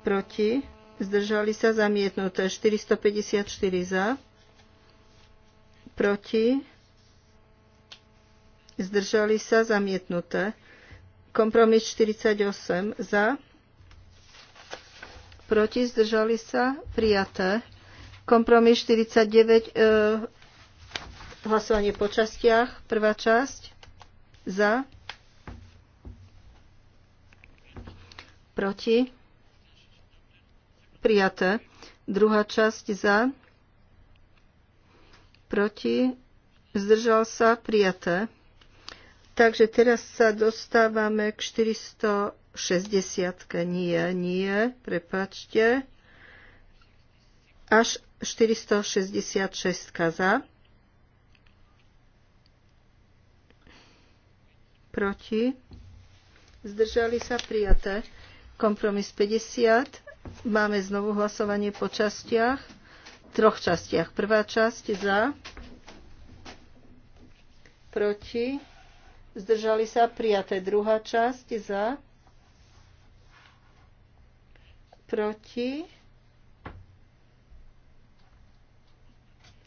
proti, zdržali sa zamietnuté, 454 za, proti, zdržali sa zamietnuté, Kompromis 48 za. Proti zdržali sa prijaté. Kompromis 49 e, hlasovanie po častiach. Prvá časť za. Proti. Prijaté. Druhá časť za. Proti. Zdržal sa prijaté. Takže teraz sa dostávame k 460. Nie, nie, prepačte. Až 466 za. Proti. Zdržali sa prijaté. Kompromis 50. Máme znovu hlasovanie po častiach. V troch častiach. Prvá časť za. Proti zdržali sa prijaté. Druhá časť za, proti,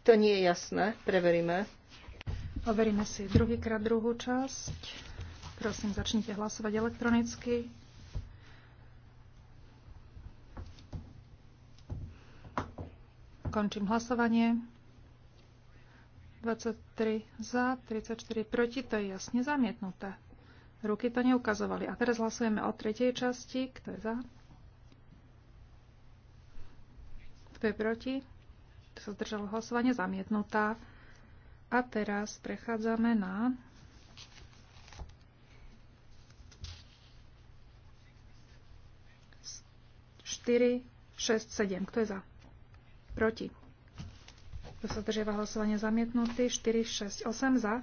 to nie je jasné, preveríme. Overíme si druhýkrát druhú časť. Prosím, začnite hlasovať elektronicky. Končím hlasovanie. 23 za, 34 proti, to je jasne zamietnuté. Ruky to neukazovali. A teraz hlasujeme o tretej časti. Kto je za? Kto je proti? To sa zdržalo hlasovanie? Zamietnutá. A teraz prechádzame na 4, 6, 7. Kto je za? Proti. Kto sa zdržiava hlasovania zamietnutý? 4, 6, 8 za.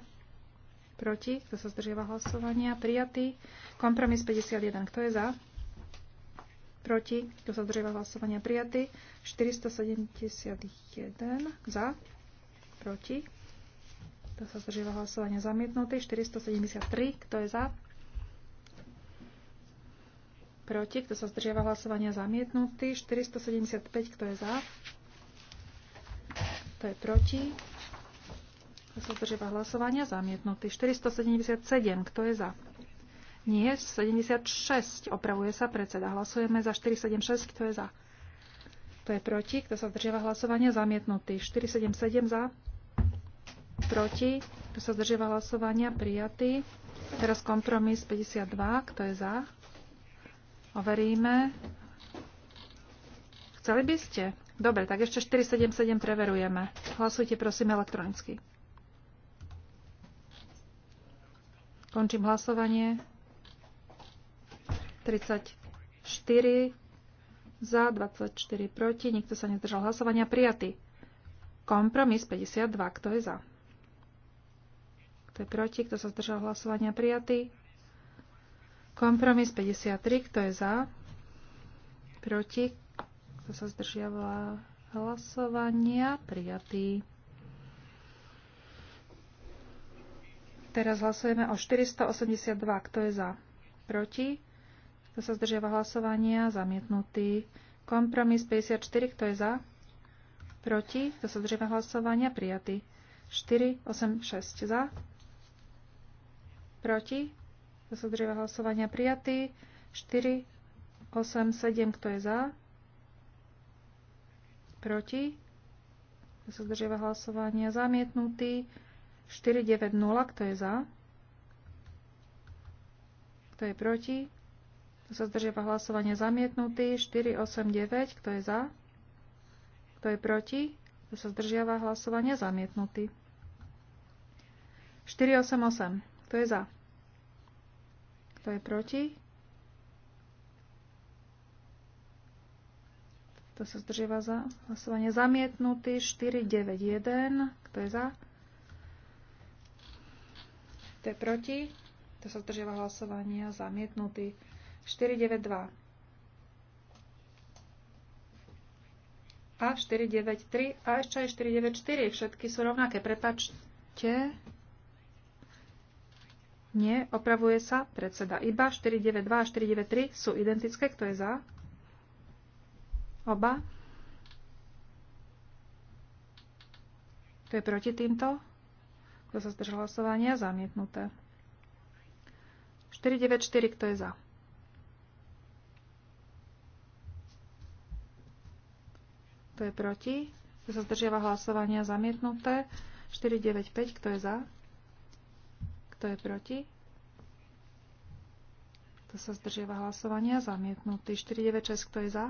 Proti? Kto sa zdržiava hlasovania? Prijatý. Kompromis 51. Kto je za? Proti? Kto sa zdržiava hlasovania? Prijatý. 471 za. Proti? Kto sa zdržiava hlasovania? Zamietnutý. 473. Kto je za? Proti? Kto sa zdržiava hlasovania? Zamietnutý. 475. Kto je za? Kto je proti? Kto sa zdržíva hlasovania? Zamietnutý. 477. Kto je za? Nie, 76. Opravuje sa predseda. Hlasujeme za 476. Kto je za? Kto je proti? Kto sa zdržíva hlasovania? Zamietnutý. 477 za. Proti. Kto sa zdržíva hlasovania? Prijatý. Teraz kompromis 52. Kto je za? Overíme. Chceli by ste? Dobre, tak ešte 477 preverujeme. Hlasujte prosím elektronicky. Končím hlasovanie. 34 za, 24 proti, nikto sa nezdržal hlasovania. Prijatý. Kompromis 52, kto je za? Kto je proti, kto sa zdržal hlasovania? Prijatý. Kompromis 53, kto je za? Proti, kto sa zdržiavala hlasovania, prijatý. Teraz hlasujeme o 482. Kto je za? Proti? Kto sa zdržiava hlasovania? Zamietnutý. Kompromis 54. Kto je za? Proti? Kto sa zdržiava hlasovania? Prijatý. 4, 8, 6 za. Proti? Kto sa zdržiava hlasovania? Prijatý. 4, 8, 7. Kto je za? proti, kto sa zdržiava hlasovania, zamietnutý, 490, kto je za, kto je proti, kto sa zdržiava hlasovania, zamietnutý, 489, kto je za, kto je proti, kto sa zdržiava hlasovania, zamietnutý. 488, kto je za, kto je proti, Kto sa zdržíva za hlasovanie? Zamietnutý 491. Kto je za? Kto je proti? Kto sa zdržíva hlasovanie. Zamietnutý 492. A 493 a ešte aj 494. Všetky sú rovnaké. Prepačte. Nie, opravuje sa predseda. Iba 492 a 493 sú identické. Kto je za? Oba. Kto je proti týmto? Kto sa zdržal hlasovania? Zamietnuté. 494, kto je za? Kto je proti? Kto sa zdržiava hlasovania? Zamietnuté. 495, kto je za? Kto je proti? Kto sa zdržiava hlasovania? Zamietnutý. 496, kto je za?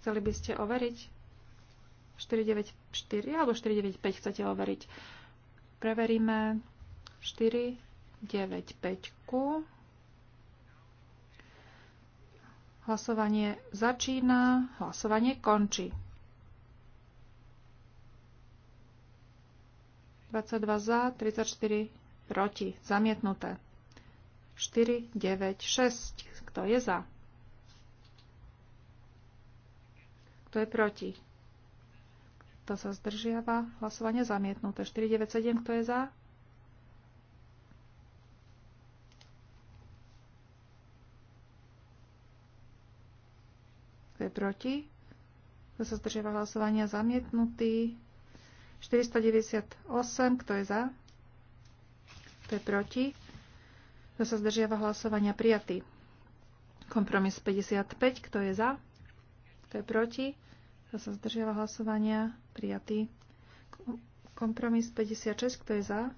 Chceli by ste overiť? 494 alebo 495 chcete overiť. Preveríme 495. Hlasovanie začína, hlasovanie končí. 22 za, 34 proti, zamietnuté. 4, 9, 6. Kto je za? Kto je proti? Kto sa zdržiava? Hlasovanie zamietnuté. 497, kto je za? Kto je proti? Kto sa zdržiava Hlasovanie Zamietnutý. 498, kto je za? Kto je proti? Kto sa zdržiava hlasovania? Prijatý. Kompromis 55, kto je za? Kto je proti? Kto sa zdržiava hlasovania? Prijatý. Kompromis 56. Kto je za?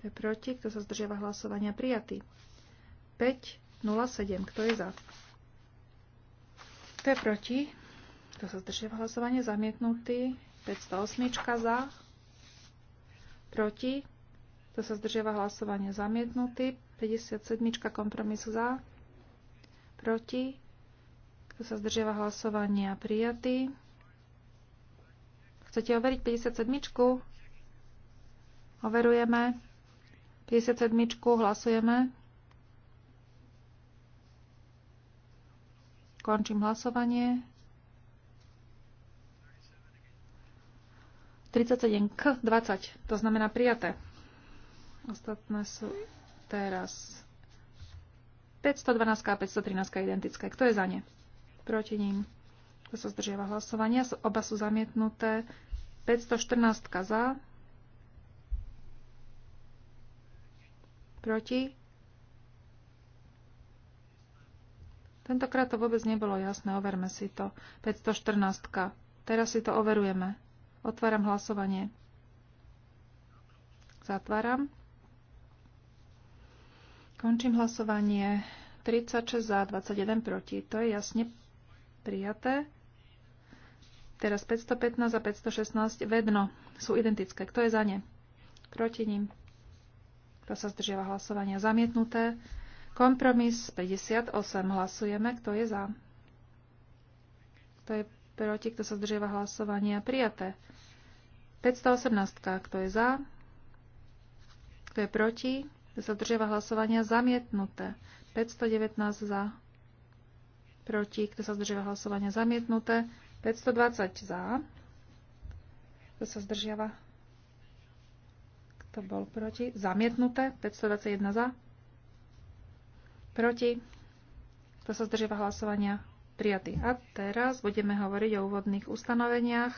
Kto je proti? Kto sa zdržiava hlasovania? Prijatý. 5.07. Kto je za? Kto je proti? Kto sa zdržiava hlasovania? Zamietnutý. 508. Za? Proti? Kto sa zdržiava hlasovania? Zamietnutý. 57. Kompromis za? Proti? Kto sa zdržiava hlasovania? Prijatý. Chcete overiť 57? Overujeme. 57. Hlasujeme. Končím hlasovanie. 37 k 20. To znamená prijaté. Ostatné sú teraz 512 a 513 identické. Kto je za ne? proti ním. To sa zdržiava hlasovania? Oba sú zamietnuté. 514 za, proti. Tentokrát to vôbec nebolo jasné, overme si to. 514. Teraz si to overujeme. Otváram hlasovanie. Zatváram. Končím hlasovanie. 36 za, 21 proti. To je jasne prijaté. Teraz 515 a 516 vedno sú identické. Kto je za ne? Proti ním. Kto sa zdržiava hlasovania? Zamietnuté. Kompromis 58. Hlasujeme. Kto je za? Kto je proti? Kto sa zdržiava hlasovania? Prijaté. 518. Kto je za? Kto je proti? Kto sa zdržiava hlasovania? Zamietnuté. 519 za proti, kto sa zdržiava hlasovania zamietnuté, 520 za, kto sa zdržiava, kto bol proti, zamietnuté, 521 za, proti, kto sa zdržiava hlasovania prijatý. A teraz budeme hovoriť o úvodných ustanoveniach.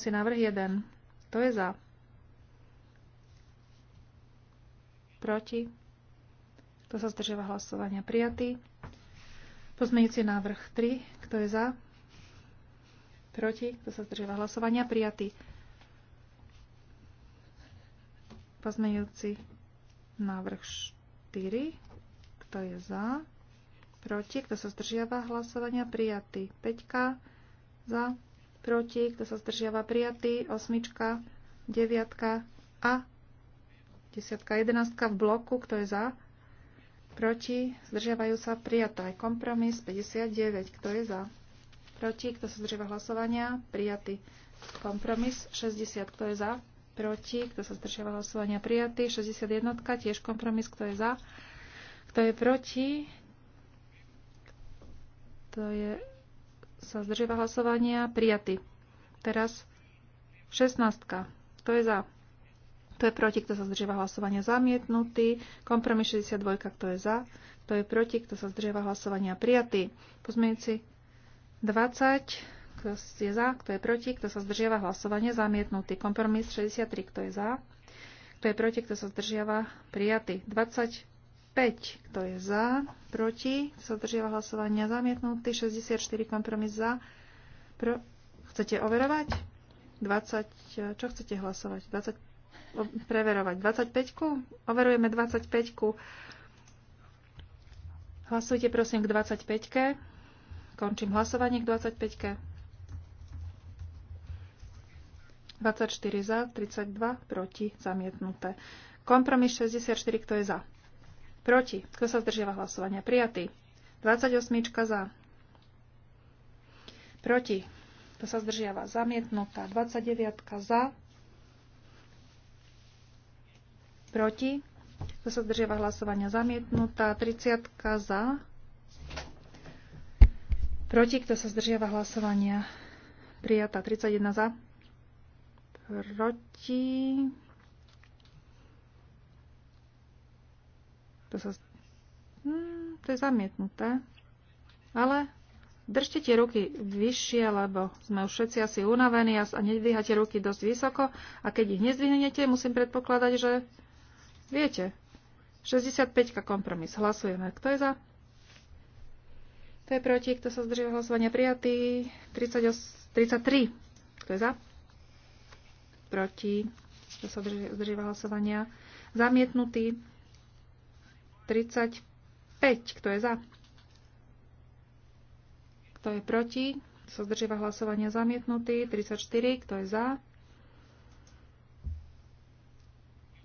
si návrh 1. To je za. Proti. Kto sa zdržiava hlasovania prijatý. Pozmeňujúci návrh 3. Kto je za? Proti? Kto sa zdržiava hlasovania? Prijatý. Pozmeňujúci návrh 4. Kto je za? Proti? Kto sa zdržiava hlasovania? Prijatý. 5. Za? Proti? Kto sa zdržiava? Prijatý. 8. 9. A 10. 11. v bloku. Kto je za? proti, zdržiavajú sa, prijatá. Kompromis 59, kto je za, proti, kto sa zdržiava hlasovania, prijatý. Kompromis 60, kto je za, proti, kto sa zdržiava hlasovania, prijatý. 61, tiež kompromis, kto je za, kto je proti, kto je, sa zdržiava hlasovania, prijatý. Teraz 16, kto je za, kto je proti, kto sa zdržiava hlasovania zamietnutý. Kompromis 62, kto je za. Kto je proti, kto sa zdržiava hlasovania prijatý. Pozmienci 20, kto je za, kto je proti, kto sa zdržiava hlasovania zamietnutý. Kompromis 63, kto je za. Kto je proti, kto sa zdržiava prijatý. 25, kto je za, proti, sa zdržiava hlasovania zamietnutý, 64 kompromis za. Pro... Chcete overovať? 20, čo chcete hlasovať? 25 preverovať 25. -ku? Overujeme 25. -ku. Hlasujte prosím k 25. -ke. Končím hlasovanie k 25. -ke. 24 za, 32 proti, zamietnuté. Kompromis 64, kto je za? Proti. Kto sa zdržiava hlasovania? Prijatý. 28 za. Proti. Kto sa zdržiava? Zamietnutá. 29 za. proti, kto sa zdržiava hlasovania zamietnutá, 30 za, proti, kto sa zdržiava hlasovania prijatá, 31 za, proti, to sa, hmm, to je zamietnuté, ale Držte tie ruky vyššie, lebo sme už všetci asi unavení a nedvíhate ruky dosť vysoko. A keď ich nezdvihnete, musím predpokladať, že Viete. 65 kompromis. Hlasujeme. Kto je za? Kto je proti? Kto sa zdržuje hlasovania? Prijatý. 38, 33. Kto je za? Proti. Kto sa zdržuje hlasovania? Zamietnutý. 35. Kto je za? Kto je proti? Kto sa zdržuje hlasovania zamietnutý? 34. Kto je za?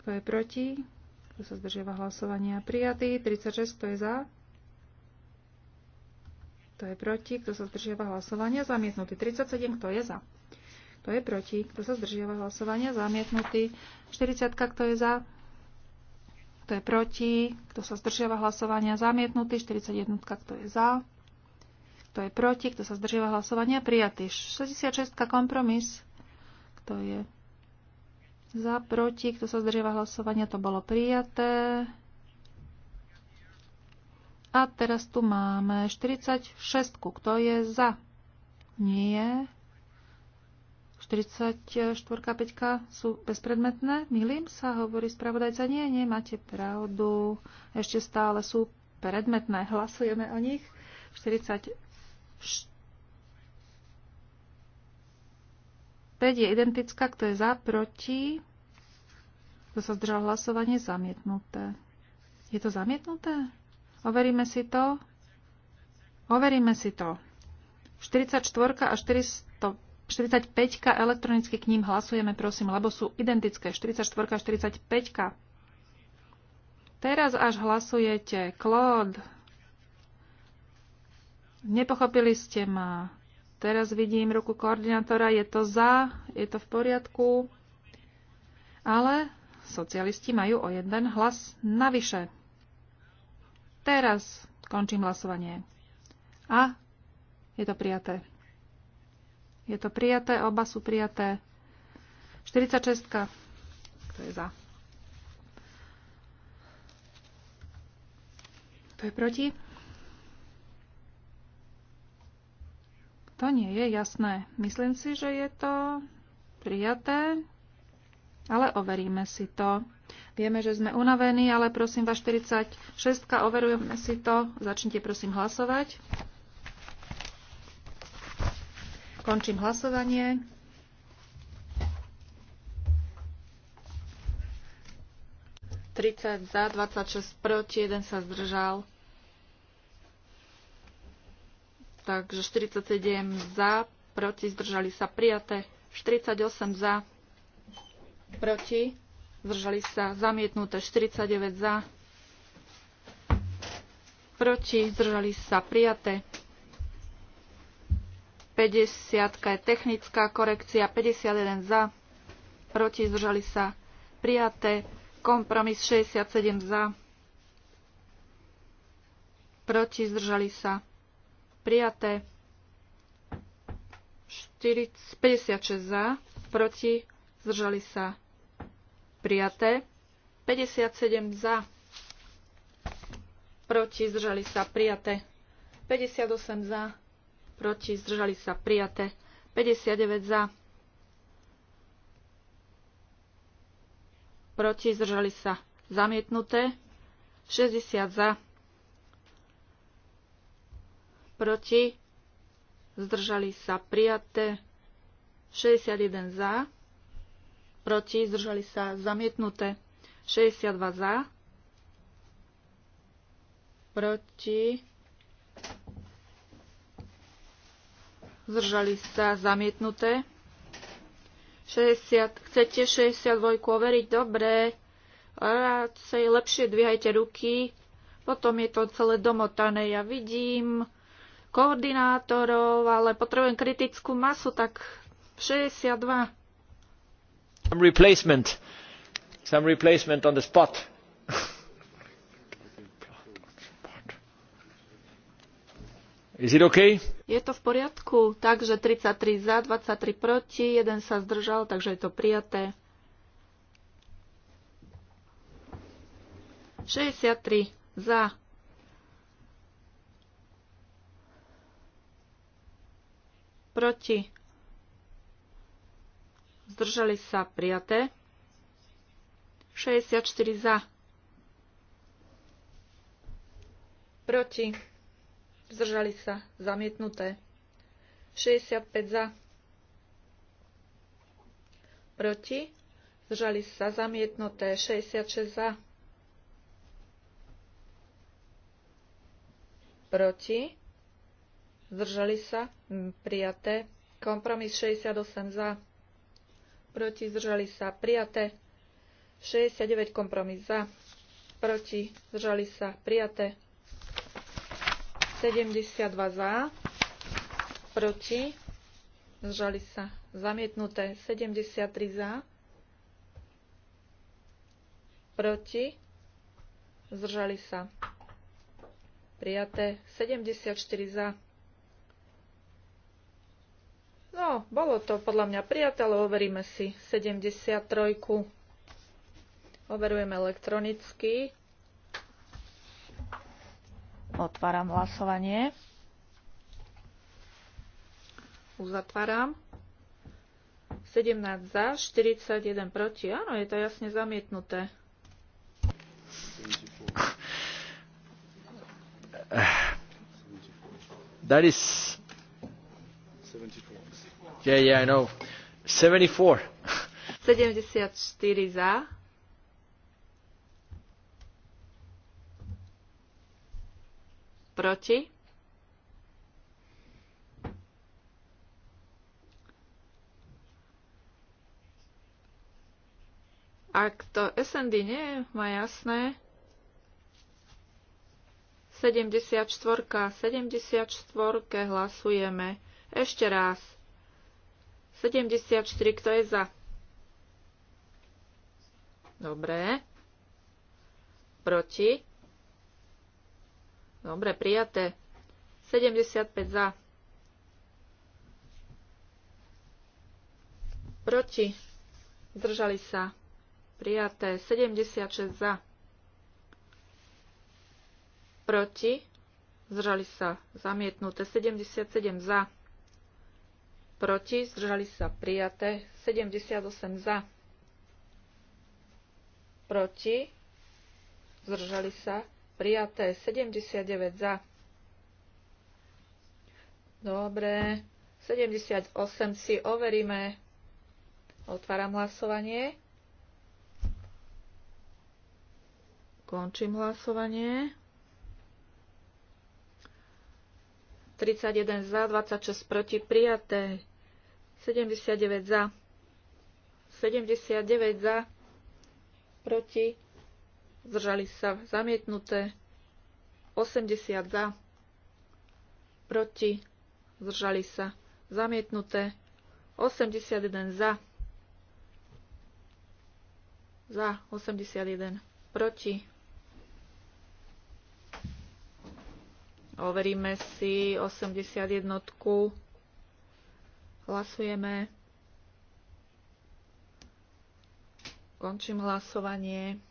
Kto je proti? Kto sa zdržiava hlasovania? Prijatý. 36. Kto je za? Kto je proti? Kto sa zdržiava hlasovania? Zamietnutý. 37. Kto je za? Kto je proti? Kto sa zdržiava hlasovania? Zamietnutý. 40. Kto je za? Kto je proti? Kto sa zdržiava hlasovania? Zamietnutý. 41. Kto je za? Kto je proti? Kto sa zdržiava hlasovania? Prijatý. 66. Kompromis. Kto je za, proti, kto sa zdržiava hlasovania, to bolo prijaté. A teraz tu máme 46. Kto je za? Nie. 44, 5 sú bezpredmetné. Milím sa, hovorí spravodajca. Nie, nie, máte pravdu. Ešte stále sú predmetné. Hlasujeme o nich. 44 5 je identická, kto je za, proti. Kto sa zdržal hlasovanie, zamietnuté. Je to zamietnuté? Overíme si to. Overíme si to. 44 a 45 elektronicky k ním hlasujeme, prosím, lebo sú identické. 44 a 45. -ka. Teraz až hlasujete. Claude, nepochopili ste ma. Teraz vidím ruku koordinátora, je to za, je to v poriadku, ale socialisti majú o jeden hlas navyše. Teraz končím hlasovanie. A je to prijaté. Je to prijaté, oba sú prijaté. 46. Kto je za? Kto je proti? To nie je jasné. Myslím si, že je to prijaté, ale overíme si to. Vieme, že sme unavení, ale prosím vás 46, overujeme si to. Začnite prosím hlasovať. Končím hlasovanie. Tridsať za, 26 proti, jeden sa zdržal. takže 47 za, proti, zdržali sa prijaté, 48 za, proti, zdržali sa zamietnuté, 49 za, proti, zdržali sa prijaté. 50 je technická korekcia, 51 za, proti, zdržali sa prijaté, kompromis 67 za, proti, zdržali sa prijaté prijaté 4, 56 za, proti, zdržali sa prijaté 57 za, proti, zdržali sa prijaté 58 za, proti, zdržali sa prijaté 59 za, proti, zdržali sa zamietnuté 60 za proti, zdržali sa prijaté, 61 za, proti, zdržali sa zamietnuté, 62 za, proti, zdržali sa zamietnuté, 60, chcete 62 overiť? Dobre, radšej lepšie dvíhajte ruky, potom je to celé domotané, ja vidím, koordinátorov, ale potrebujem kritickú masu, tak 62. Some replacement. Some replacement on the spot. Is it okay? Je to v poriadku, takže 33 za, 23 proti, jeden sa zdržal, takže je to prijaté. 63 za, proti, zdržali sa prijaté, 64 za, proti, zdržali sa zamietnuté, 65 za, proti, zdržali sa zamietnuté, 66 za, proti, zdržali sa, mm, prijaté. Kompromis 68 za, proti, zdržali sa, prijaté. 69 kompromis za, proti, zdržali sa, prijaté. 72 za, proti, zdržali sa, zamietnuté. 73 za, proti, zdržali sa, prijaté. 74 za, No, bolo to podľa mňa prijaté, ale overíme si 73. Overujeme elektronicky. Otváram hlasovanie. Uzatváram. 17 za, 41 proti. Áno, je to jasne zamietnuté. That is Yeah, yeah, I know. 74. 74 za. Proti. Ak to SND nie má jasné. 74, 74 hlasujeme. Ešte raz. 74, kto je za? Dobre. Proti? Dobre, prijaté. 75 za. Proti? Zdržali sa. Prijaté. 76 za. Proti? Zdržali sa. Zamietnuté. 77 za proti, zdržali sa prijaté, 78 za, proti, zdržali sa prijaté, 79 za. Dobre, 78 si overíme. Otváram hlasovanie. Končím hlasovanie. 31 za, 26 proti, prijaté. 79 za. 79 za. Proti. Zdržali sa zamietnuté. 80 za. Proti. Zdržali sa zamietnuté. 81 za. Za 81. Proti. Overíme si 81. -tku. Hlasujeme. Končím hlasovanie.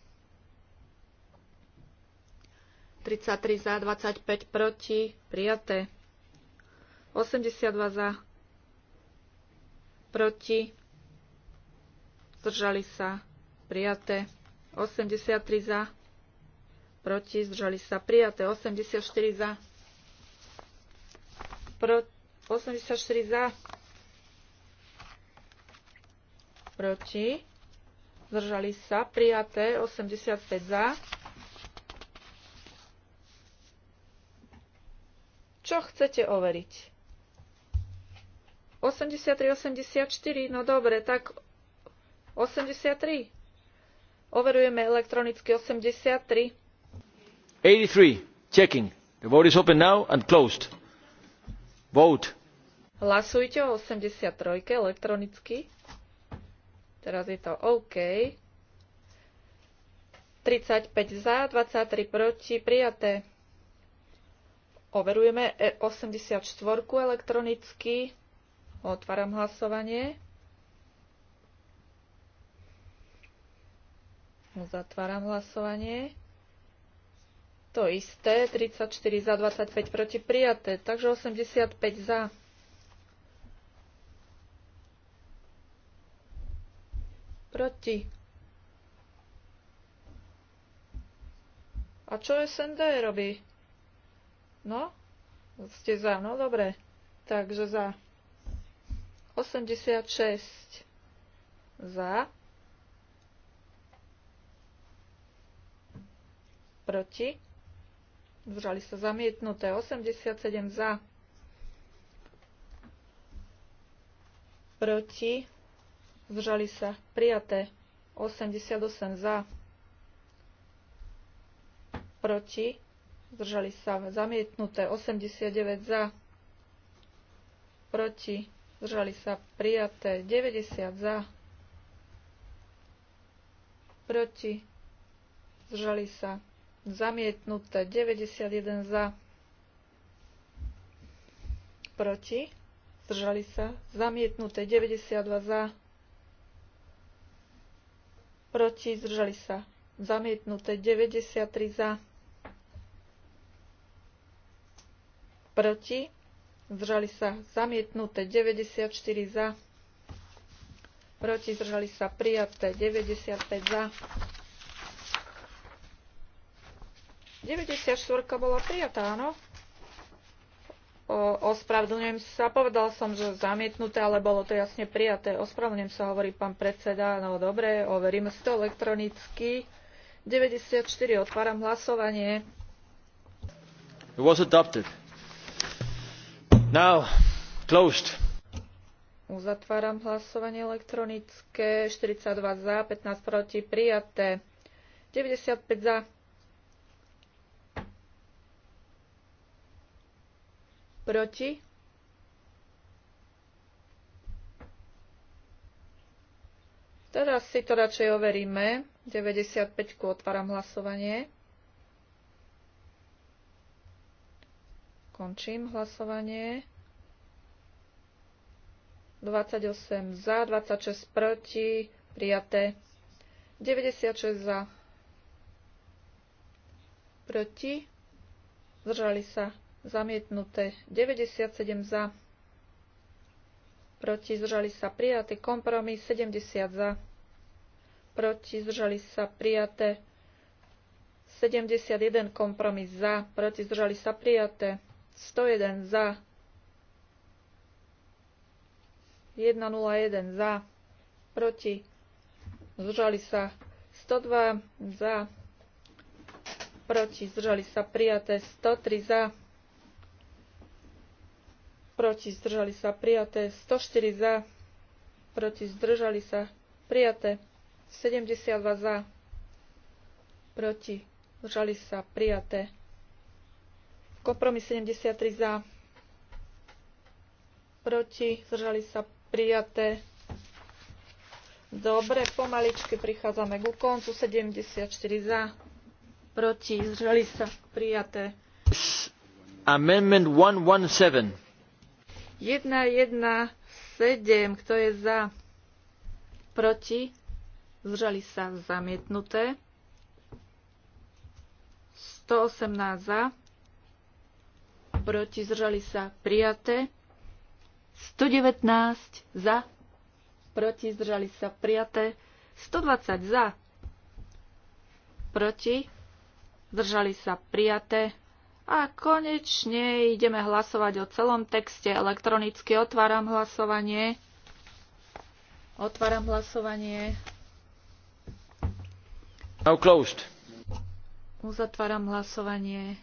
33 za, 25 proti, prijaté. 82 za, proti, zdržali sa, prijaté. 83 za, proti, zdržali sa, prijaté. 84 za, pro, 84 za, proti, zdržali sa, prijaté 85 za. Čo chcete overiť? 83, 84, no dobre, tak 83. Overujeme elektronicky 83. 83. Checking. The vote is open now and closed. Vote. Hlasujte o 83 elektronicky. Teraz je to OK. 35 za, 23 proti, prijaté. Overujeme e 84 elektronicky. Otváram hlasovanie. Zatváram hlasovanie. To isté, 34 za, 25 proti prijaté, takže 85 za. Proti. A čo SND robí? No? Ste za, no dobre. Takže za. 86 za. Proti. Zdržali sa zamietnuté. 87 za. Proti zdržali sa prijaté 88 za, proti, zdržali sa zamietnuté 89 za, proti, zdržali sa prijaté 90 za, proti, zdržali sa zamietnuté 91 za, proti, zdržali sa zamietnuté 92 za, proti, zdržali sa zamietnuté 93 za, proti, zdržali sa zamietnuté 94 za, proti, zdržali sa prijaté 95 za. 94 bola prijatá, áno? ospravedlňujem sa, povedal som, že zamietnuté, ale bolo to jasne prijaté. Ospravedlňujem sa, hovorí pán predseda. No dobre, overíme si to elektronicky. 94, otváram hlasovanie. It was adopted. Now, closed. Uzatváram hlasovanie elektronické. 42 za, 15 proti, prijaté. 95 za Proti? Teraz si to radšej overíme. 95 otváram hlasovanie. Končím hlasovanie. 28 za, 26 proti, prijaté. 96 za, proti, zdržali sa zamietnuté 97 za, proti zdržali sa prijaté, kompromis 70 za, proti zdržali sa prijaté, 71 kompromis za, proti zdržali sa prijaté, 101 za, 101 za, proti zdržali sa 102 za, proti zdržali sa prijaté, 103 za, proti zdržali sa prijaté, 104 za, proti zdržali sa prijaté, 72 za, proti zdržali sa prijaté, kompromis 73 za, proti zdržali sa prijaté. Dobre, pomaličky prichádzame ku koncu, 74 za, proti zdržali sa prijaté. Amendment 117 1, 1, 7, kto je za? Proti? Zdržali sa zamietnuté. 118 za. Proti zdržali sa prijaté. 119 za. Proti zdržali sa prijaté. 120 za. Proti zdržali sa prijaté. A konečne ideme hlasovať o celom texte. Elektronicky otváram hlasovanie. Otváram hlasovanie. Now closed. Uzatváram hlasovanie.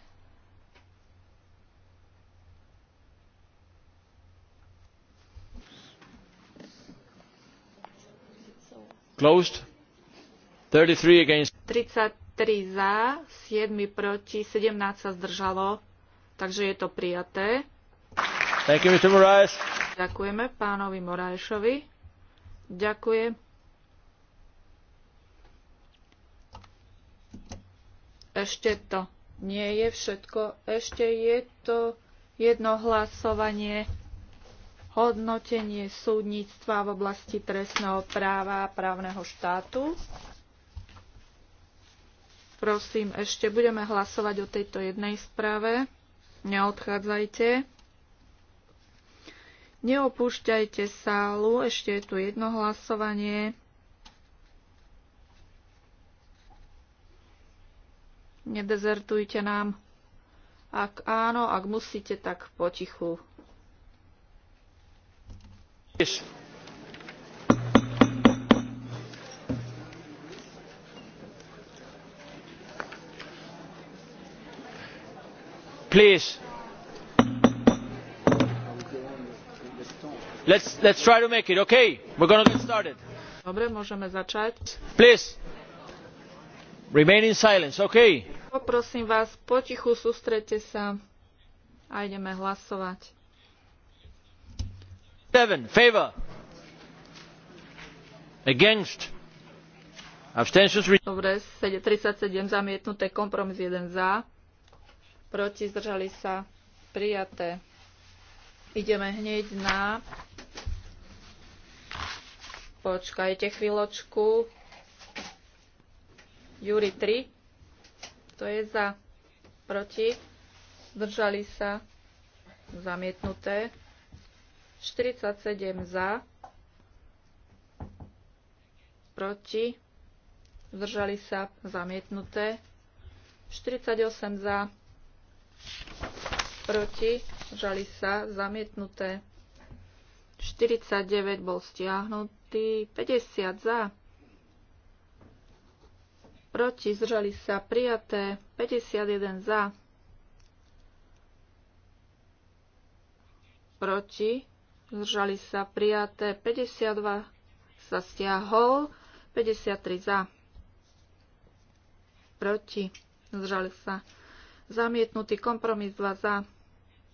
Closed. 33 against. 33 3 za, 7 proti, 17 sa zdržalo, takže je to prijaté. Thank you, Mr. Ďakujeme pánovi Moraešovi. Ďakujem. Ešte to nie je všetko. Ešte je to jedno hlasovanie hodnotenie súdnictva v oblasti trestného práva a právneho štátu. Prosím, ešte budeme hlasovať o tejto jednej správe. Neodchádzajte. Neopúšťajte sálu, ešte je tu jedno hlasovanie. Nedezertujte nám. Ak áno, ak musíte, tak potichu. please. Let's, try to make it, okay? We're going to get started. Dobre, môžeme začať. Please. Remain in silence, okay? Poprosím vás, potichu sústrete sa a ideme hlasovať. seven Favor. Against. Abstentions. Dobre, 37 zamietnuté, kompromis 1 za proti, zdržali sa, prijaté. Ideme hneď na... Počkajte chvíľočku. Júri 3. To je za, proti, zdržali sa, zamietnuté. 47 za, proti, zdržali sa, zamietnuté. 48 za, proti, žali sa, zamietnuté. 49 bol stiahnutý, 50 za, proti, zdržali sa, prijaté, 51 za, proti, zdržali sa, prijaté, 52 sa stiahol, 53 za, proti, zdržali sa, zamietnutý kompromis 2 za,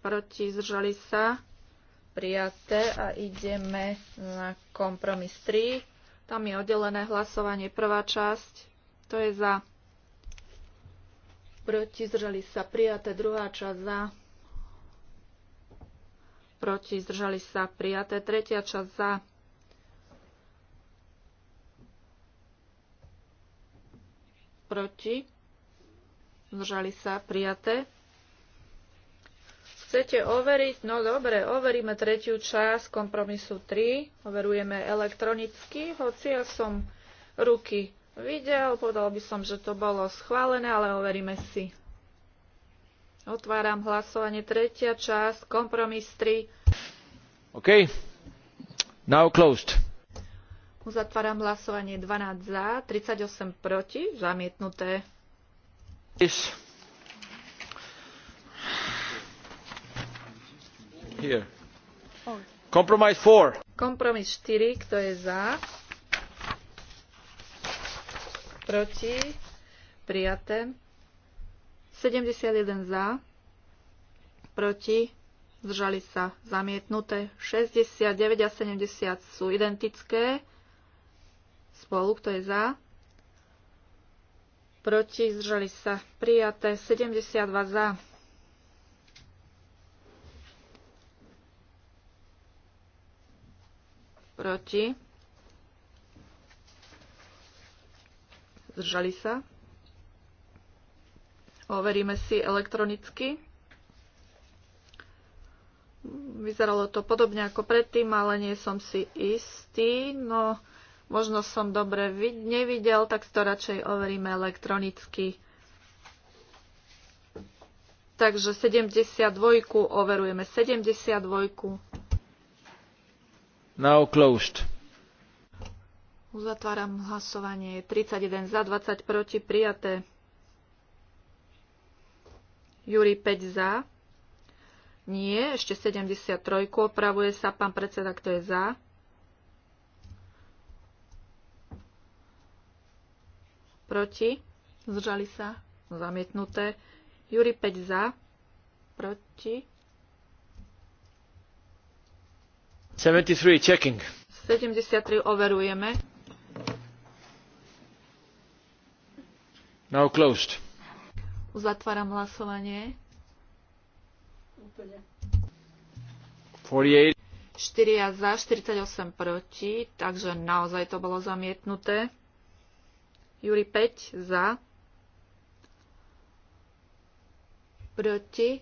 proti, zdržali sa, prijaté a ideme na kompromis 3. Tam je oddelené hlasovanie prvá časť, to je za, proti, zdržali sa, prijaté, druhá časť za, proti, zdržali sa, prijaté, tretia časť za, proti, zdržali sa, prijaté. Chcete overiť? No dobre, overíme tretiu časť kompromisu 3. Overujeme elektronicky, hoci ja som ruky videl, povedal by som, že to bolo schválené, ale overíme si. Otváram hlasovanie. Tretia časť, kompromis 3. OK. Now closed. Uzatváram hlasovanie 12 za, 38 proti, zamietnuté. Yes. Here. Oh. Compromise 4. Kompromis 4, kto je za? Proti? Prijaté. 71 za. Proti? Zdržali sa zamietnuté. 69 a 70 sú identické. Spolu, kto je za? Proti? Zdržali sa prijaté. 72 za proti, zdržali sa. Overíme si elektronicky. Vyzeralo to podobne ako predtým, ale nie som si istý. No, možno som dobre nevidel, tak to radšej overíme elektronicky. Takže 72 overujeme 72. Now closed. Uzatváram hlasovanie. 31 za, 20 proti, prijaté. Júri 5 za. Nie, ešte 73. Opravuje sa pán predseda, kto je za. Proti. Zdržali sa. Zamietnuté. Júri 5 za. Proti 73 checking. 73 overujeme. Now closed. Uzatváram hlasovanie. 48. 4 za, 48 proti, takže naozaj to bolo zamietnuté. Juri 5 za, proti,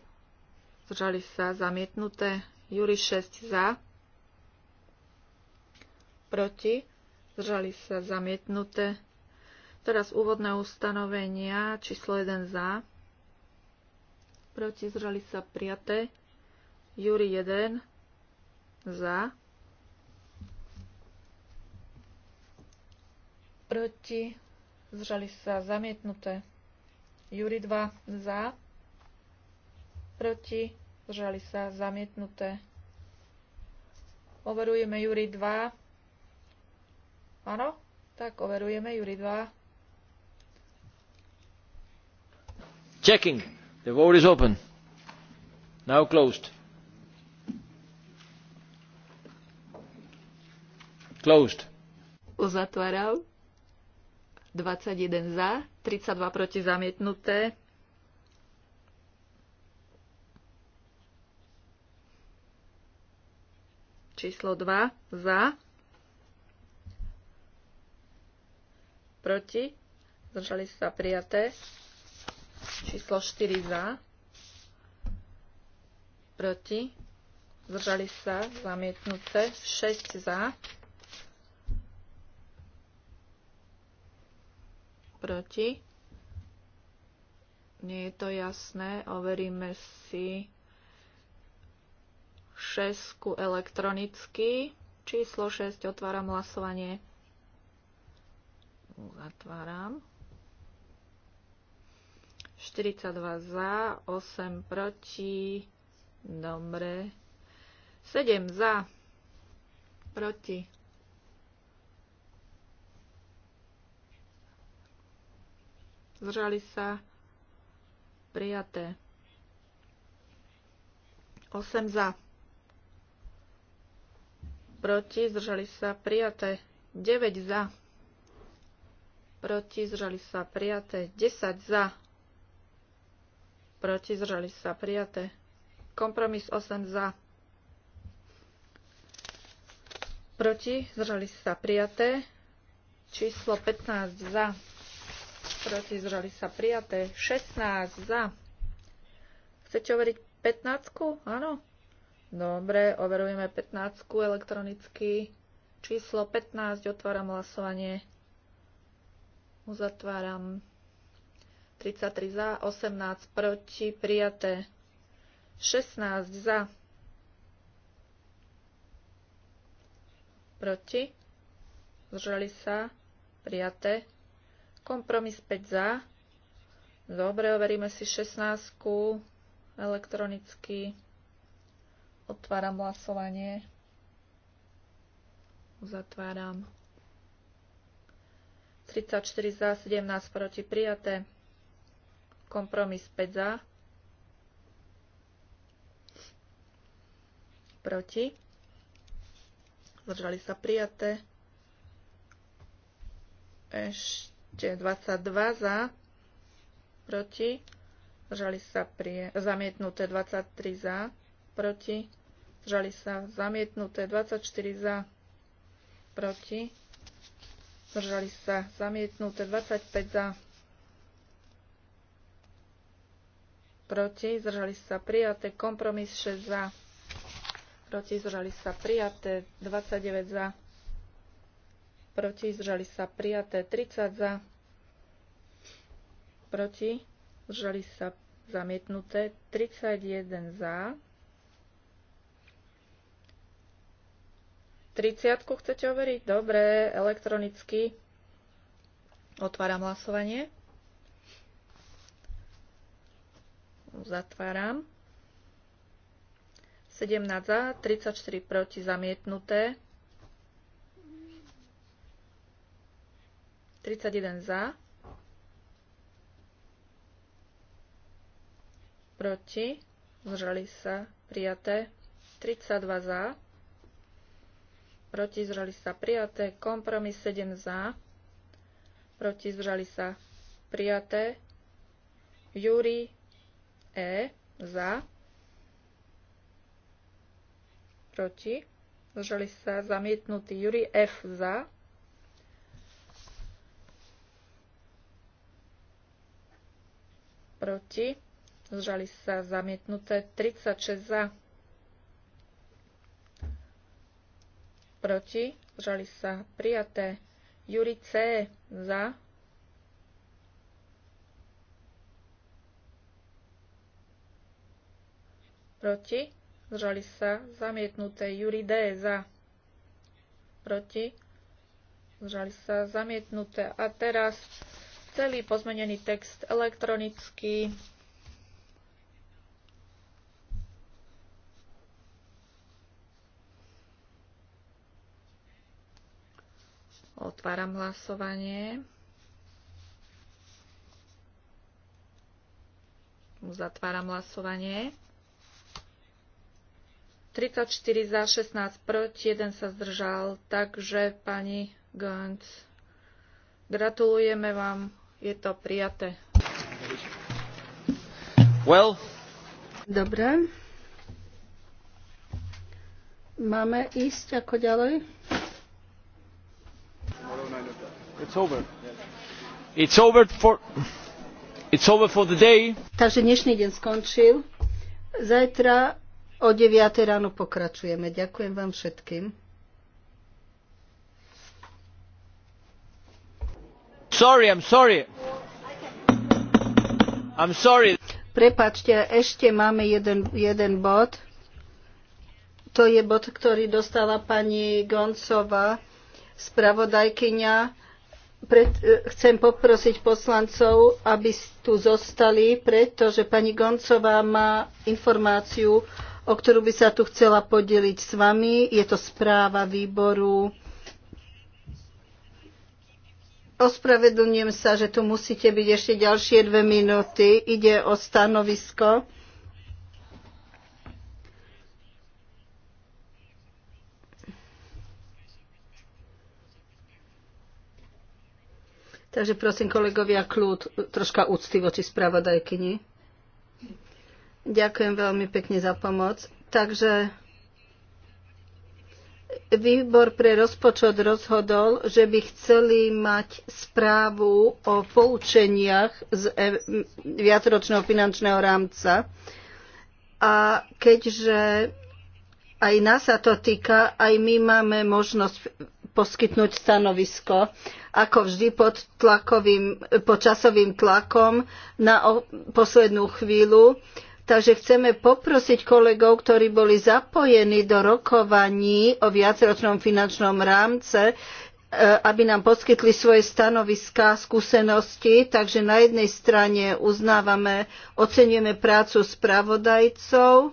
zdržali sa zamietnuté. Juri 6 za, proti, zdržali sa zamietnuté. Teraz úvodné ustanovenia, číslo 1 za, proti, zdržali sa prijaté. Júri 1 za, proti, zdržali sa zamietnuté. Júri 2 za, proti, zdržali sa zamietnuté. Overujeme Júri 2 Áno? Tak overujeme Juri 2. Checking. The vote is open. Now closed. Closed. Uzatváral. 21 za, 32 proti zamietnuté. Číslo 2 za. proti, zdržali sa prijaté, číslo 4 za, proti, zdržali sa zamietnuté, 6 za, proti, nie je to jasné, overíme si šesku elektronicky. Číslo 6, otváram hlasovanie. Uzatváram. 42 za, 8 proti. Dobre. 7 za, proti. Zrali sa prijaté. 8 za. Proti zdržali sa prijaté. 9 za proti, zdržali sa prijaté, 10 za, proti, zdržali sa prijaté, kompromis 8 za, proti, zdržali sa prijaté, číslo 15 za, proti, zdržali sa prijaté, 16 za. Chcete overiť 15? Áno. Dobre, overujeme 15 elektronicky. Číslo 15, otváram hlasovanie. Uzatváram. 33 za, 18 proti, prijaté. 16 za, proti, zdržali sa, prijaté. Kompromis 5 za. Dobre, overíme si 16 elektronicky. Otváram hlasovanie. Uzatváram. 34 za, 17 proti prijaté. Kompromis 5 za. Proti. Zdržali sa prijaté. Ešte 22 za. Proti. Zdržali sa prie, zamietnuté 23 za. Proti. Zdržali sa zamietnuté 24 za. Proti zdržali sa zamietnuté 25 za, proti, zdržali sa prijaté, kompromis 6 za, proti, zdržali sa prijaté, 29 za, proti, zdržali sa prijaté, 30 za, proti, zdržali sa zamietnuté, 31 za, 30 chcete overiť? Dobre, elektronicky. Otváram hlasovanie. Zatváram. 17 za, 34 proti, zamietnuté. 31 za. Proti. Zdržali sa. Prijaté. 32 za proti zdržali sa prijaté, kompromis 7 za, proti zdržali sa prijaté, Júri E za, proti, zdržali sa zamietnutý Júri F za, proti, zdržali sa zamietnuté 36 za, proti, zdržali sa prijaté. Juri C za, proti, zdržali sa zamietnuté. Juri D za, proti, zdržali sa zamietnuté. A teraz celý pozmenený text elektronicky. Otváram hlasovanie. Zatváram hlasovanie. 34 za, 16 proti, 1 sa zdržal. Takže, pani Gönc, gratulujeme vám. Je to prijaté. Well. Dobre. Máme ísť ako ďalej? Takže dnešný deň skončil. Zajtra o 9. ráno pokračujeme. Ďakujem vám všetkým. Sorry, I'm sorry. I'm sorry. Prepačte, ešte máme jeden, jeden bod. To je bod, ktorý dostala pani Goncová, spravodajkyňa pred, e, chcem poprosiť poslancov, aby tu zostali, pretože pani Goncová má informáciu, o ktorú by sa tu chcela podeliť s vami. Je to správa výboru. Ospravedlňujem sa, že tu musíte byť ešte ďalšie dve minúty. Ide o stanovisko Takže prosím, kolegovia, kľud, troška úcty voči spravodajkyni. Ďakujem veľmi pekne za pomoc. Takže výbor pre rozpočet rozhodol, že by chceli mať správu o poučeniach z e, viacročného finančného rámca. A keďže aj nás sa to týka, aj my máme možnosť poskytnúť stanovisko. Ako vždy pod, tlakovým, pod časovým tlakom na poslednú chvíľu. Takže chceme poprosiť kolegov, ktorí boli zapojení do rokovaní o viacročnom finančnom rámce, e, aby nám poskytli svoje stanoviská, skúsenosti. Takže na jednej strane uznávame, oceňujeme prácu spravodajcov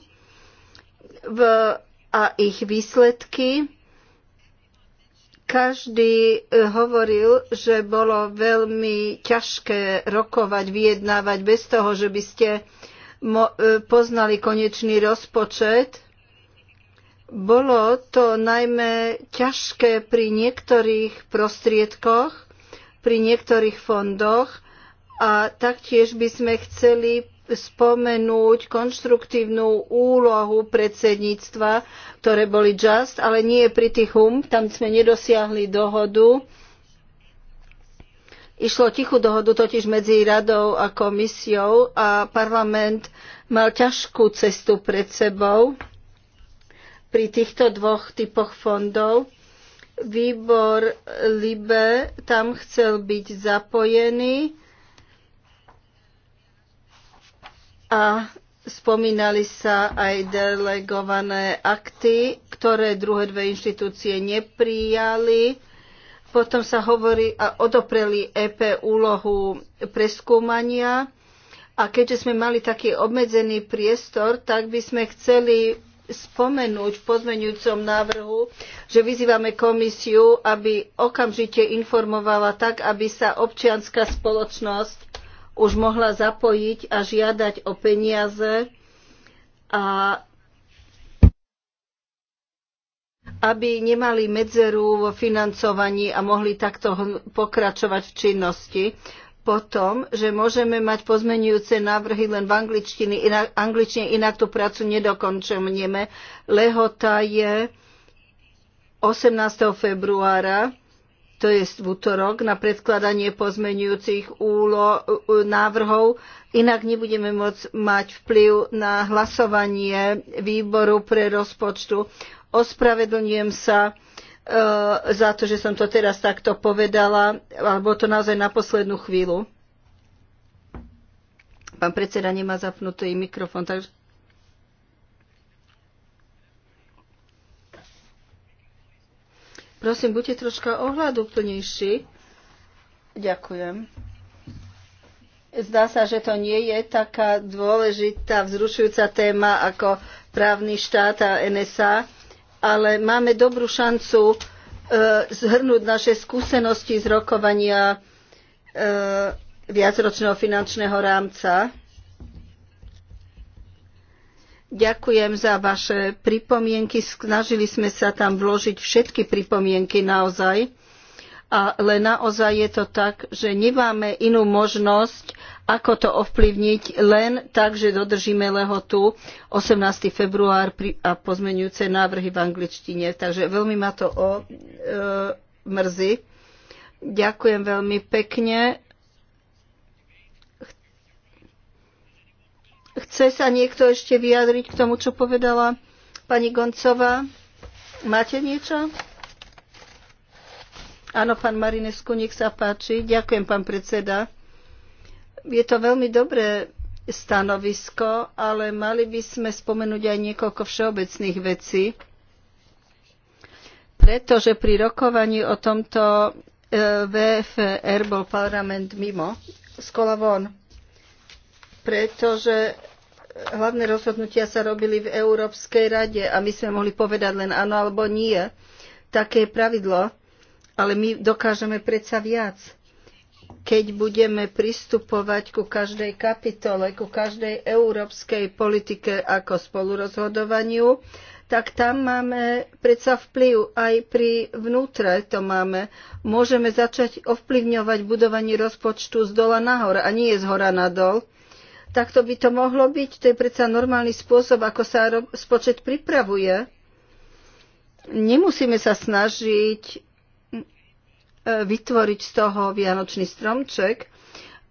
v, a ich výsledky. Každý e, hovoril, že bolo veľmi ťažké rokovať, vyjednávať bez toho, že by ste e, poznali konečný rozpočet. Bolo to najmä ťažké pri niektorých prostriedkoch, pri niektorých fondoch a taktiež by sme chceli spomenúť konštruktívnu úlohu predsedníctva, ktoré boli just, ale nie pri tých hum, tam sme nedosiahli dohodu. Išlo tichú dohodu totiž medzi radou a komisiou a parlament mal ťažkú cestu pred sebou pri týchto dvoch typoch fondov. Výbor LIBE tam chcel byť zapojený A spomínali sa aj delegované akty, ktoré druhé dve inštitúcie neprijali. Potom sa hovorí a odopreli EP úlohu preskúmania. A keďže sme mali taký obmedzený priestor, tak by sme chceli spomenúť v pozmeňujúcom návrhu, že vyzývame komisiu, aby okamžite informovala tak, aby sa občianská spoločnosť už mohla zapojiť a žiadať o peniaze a aby nemali medzeru vo financovaní a mohli takto pokračovať v činnosti. Potom, že môžeme mať pozmenujúce návrhy len v angličtine, inak, angličtine, inak tú prácu nedokončujeme. Lehota je 18. februára to je v útorok, na predkladanie pozmenujúcich úlo, návrhov. Inak nebudeme môcť mať vplyv na hlasovanie výboru pre rozpočtu. Ospravedlňujem sa e, za to, že som to teraz takto povedala, alebo to naozaj na poslednú chvíľu. Pán predseda nemá zapnutý mikrofón, takže Prosím, buďte troška plnejší. Ďakujem. Zdá sa, že to nie je taká dôležitá, vzrušujúca téma ako právny štát a NSA, ale máme dobrú šancu e, zhrnúť naše skúsenosti z rokovania e, viacročného finančného rámca Ďakujem za vaše pripomienky. Snažili sme sa tam vložiť všetky pripomienky naozaj. Ale naozaj je to tak, že nemáme inú možnosť, ako to ovplyvniť len tak, že dodržíme lehotu 18. február a pozmenujúce návrhy v angličtine. Takže veľmi ma to o, e, e, mrzí. Ďakujem veľmi pekne Chce sa niekto ešte vyjadriť k tomu, čo povedala pani Goncová? Máte niečo? Áno, pán Marinesku, nech sa páči. Ďakujem, pán predseda. Je to veľmi dobré stanovisko, ale mali by sme spomenúť aj niekoľko všeobecných vecí, pretože pri rokovaní o tomto e, VFR bol parlament mimo, skola von pretože hlavné rozhodnutia sa robili v Európskej rade a my sme mohli povedať len áno alebo nie. Také je pravidlo, ale my dokážeme predsa viac. Keď budeme pristupovať ku každej kapitole, ku každej európskej politike ako spolurozhodovaniu, tak tam máme predsa vplyv aj pri vnútre to máme. Môžeme začať ovplyvňovať budovanie rozpočtu z dola nahor a nie z hora nadol Takto by to mohlo byť. To je predsa normálny spôsob, ako sa spočet pripravuje. Nemusíme sa snažiť e, vytvoriť z toho vianočný stromček,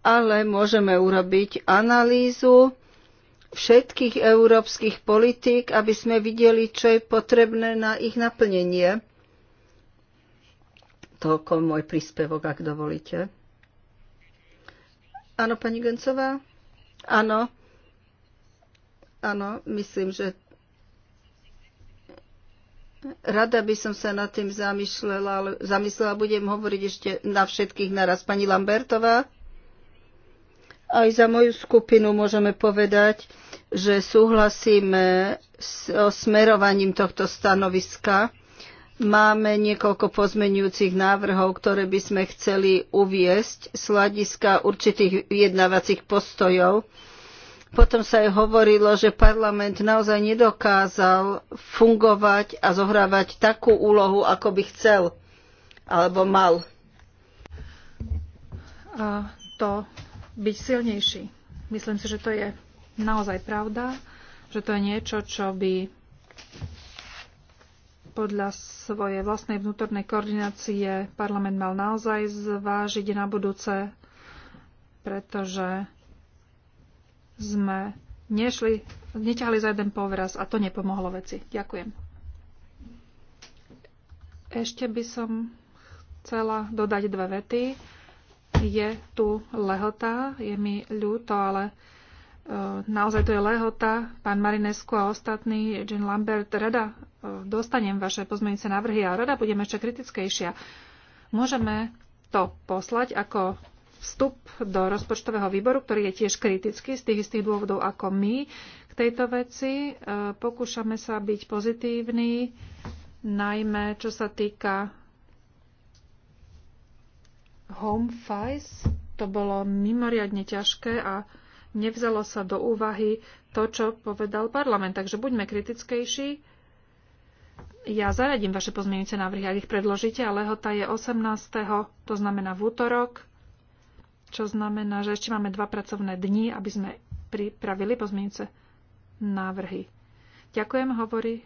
ale môžeme urobiť analýzu všetkých európskych politík, aby sme videli, čo je potrebné na ich naplnenie. Toľko môj príspevok, ak dovolíte. Áno, pani Gencová? Áno, áno, myslím, že Rada by som sa nad tým zamýšľala, ale zamyslela, budem hovoriť ešte na všetkých naraz. Pani Lambertová, aj za moju skupinu môžeme povedať, že súhlasíme s smerovaním tohto stanoviska Máme niekoľko pozmenujúcich návrhov, ktoré by sme chceli uviesť z hľadiska určitých vyjednávacích postojov. Potom sa aj hovorilo, že parlament naozaj nedokázal fungovať a zohrávať takú úlohu, ako by chcel alebo mal. A to byť silnejší. Myslím si, že to je naozaj pravda, že to je niečo, čo by podľa svojej vlastnej vnútornej koordinácie parlament mal naozaj zvážiť na budúce, pretože sme nešli, neťahali za jeden povraz a to nepomohlo veci. Ďakujem. Ešte by som chcela dodať dve vety. Je tu lehota, je mi ľúto, ale e, naozaj to je lehota. Pán Marinesku a ostatní, Jean Lambert, rada dostanem vaše pozmeňujúce návrhy a rada budem ešte kritickejšia. Môžeme to poslať ako vstup do rozpočtového výboru, ktorý je tiež kritický z tých istých dôvodov ako my k tejto veci. E, pokúšame sa byť pozitívni, najmä čo sa týka home face. To bolo mimoriadne ťažké a nevzalo sa do úvahy to, čo povedal parlament. Takže buďme kritickejší ja zaradím vaše pozmienujúce návrhy, ak ich predložíte, ale lehota je 18. to znamená v útorok, čo znamená, že ešte máme dva pracovné dni, aby sme pripravili pozmienujúce návrhy. Ďakujem, hovorí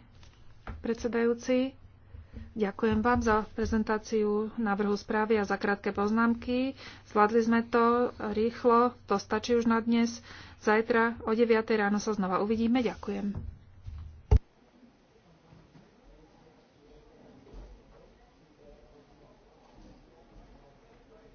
predsedajúci. Ďakujem vám za prezentáciu návrhu správy a za krátke poznámky. Zvládli sme to rýchlo, to stačí už na dnes. Zajtra o 9. ráno sa znova uvidíme. Ďakujem.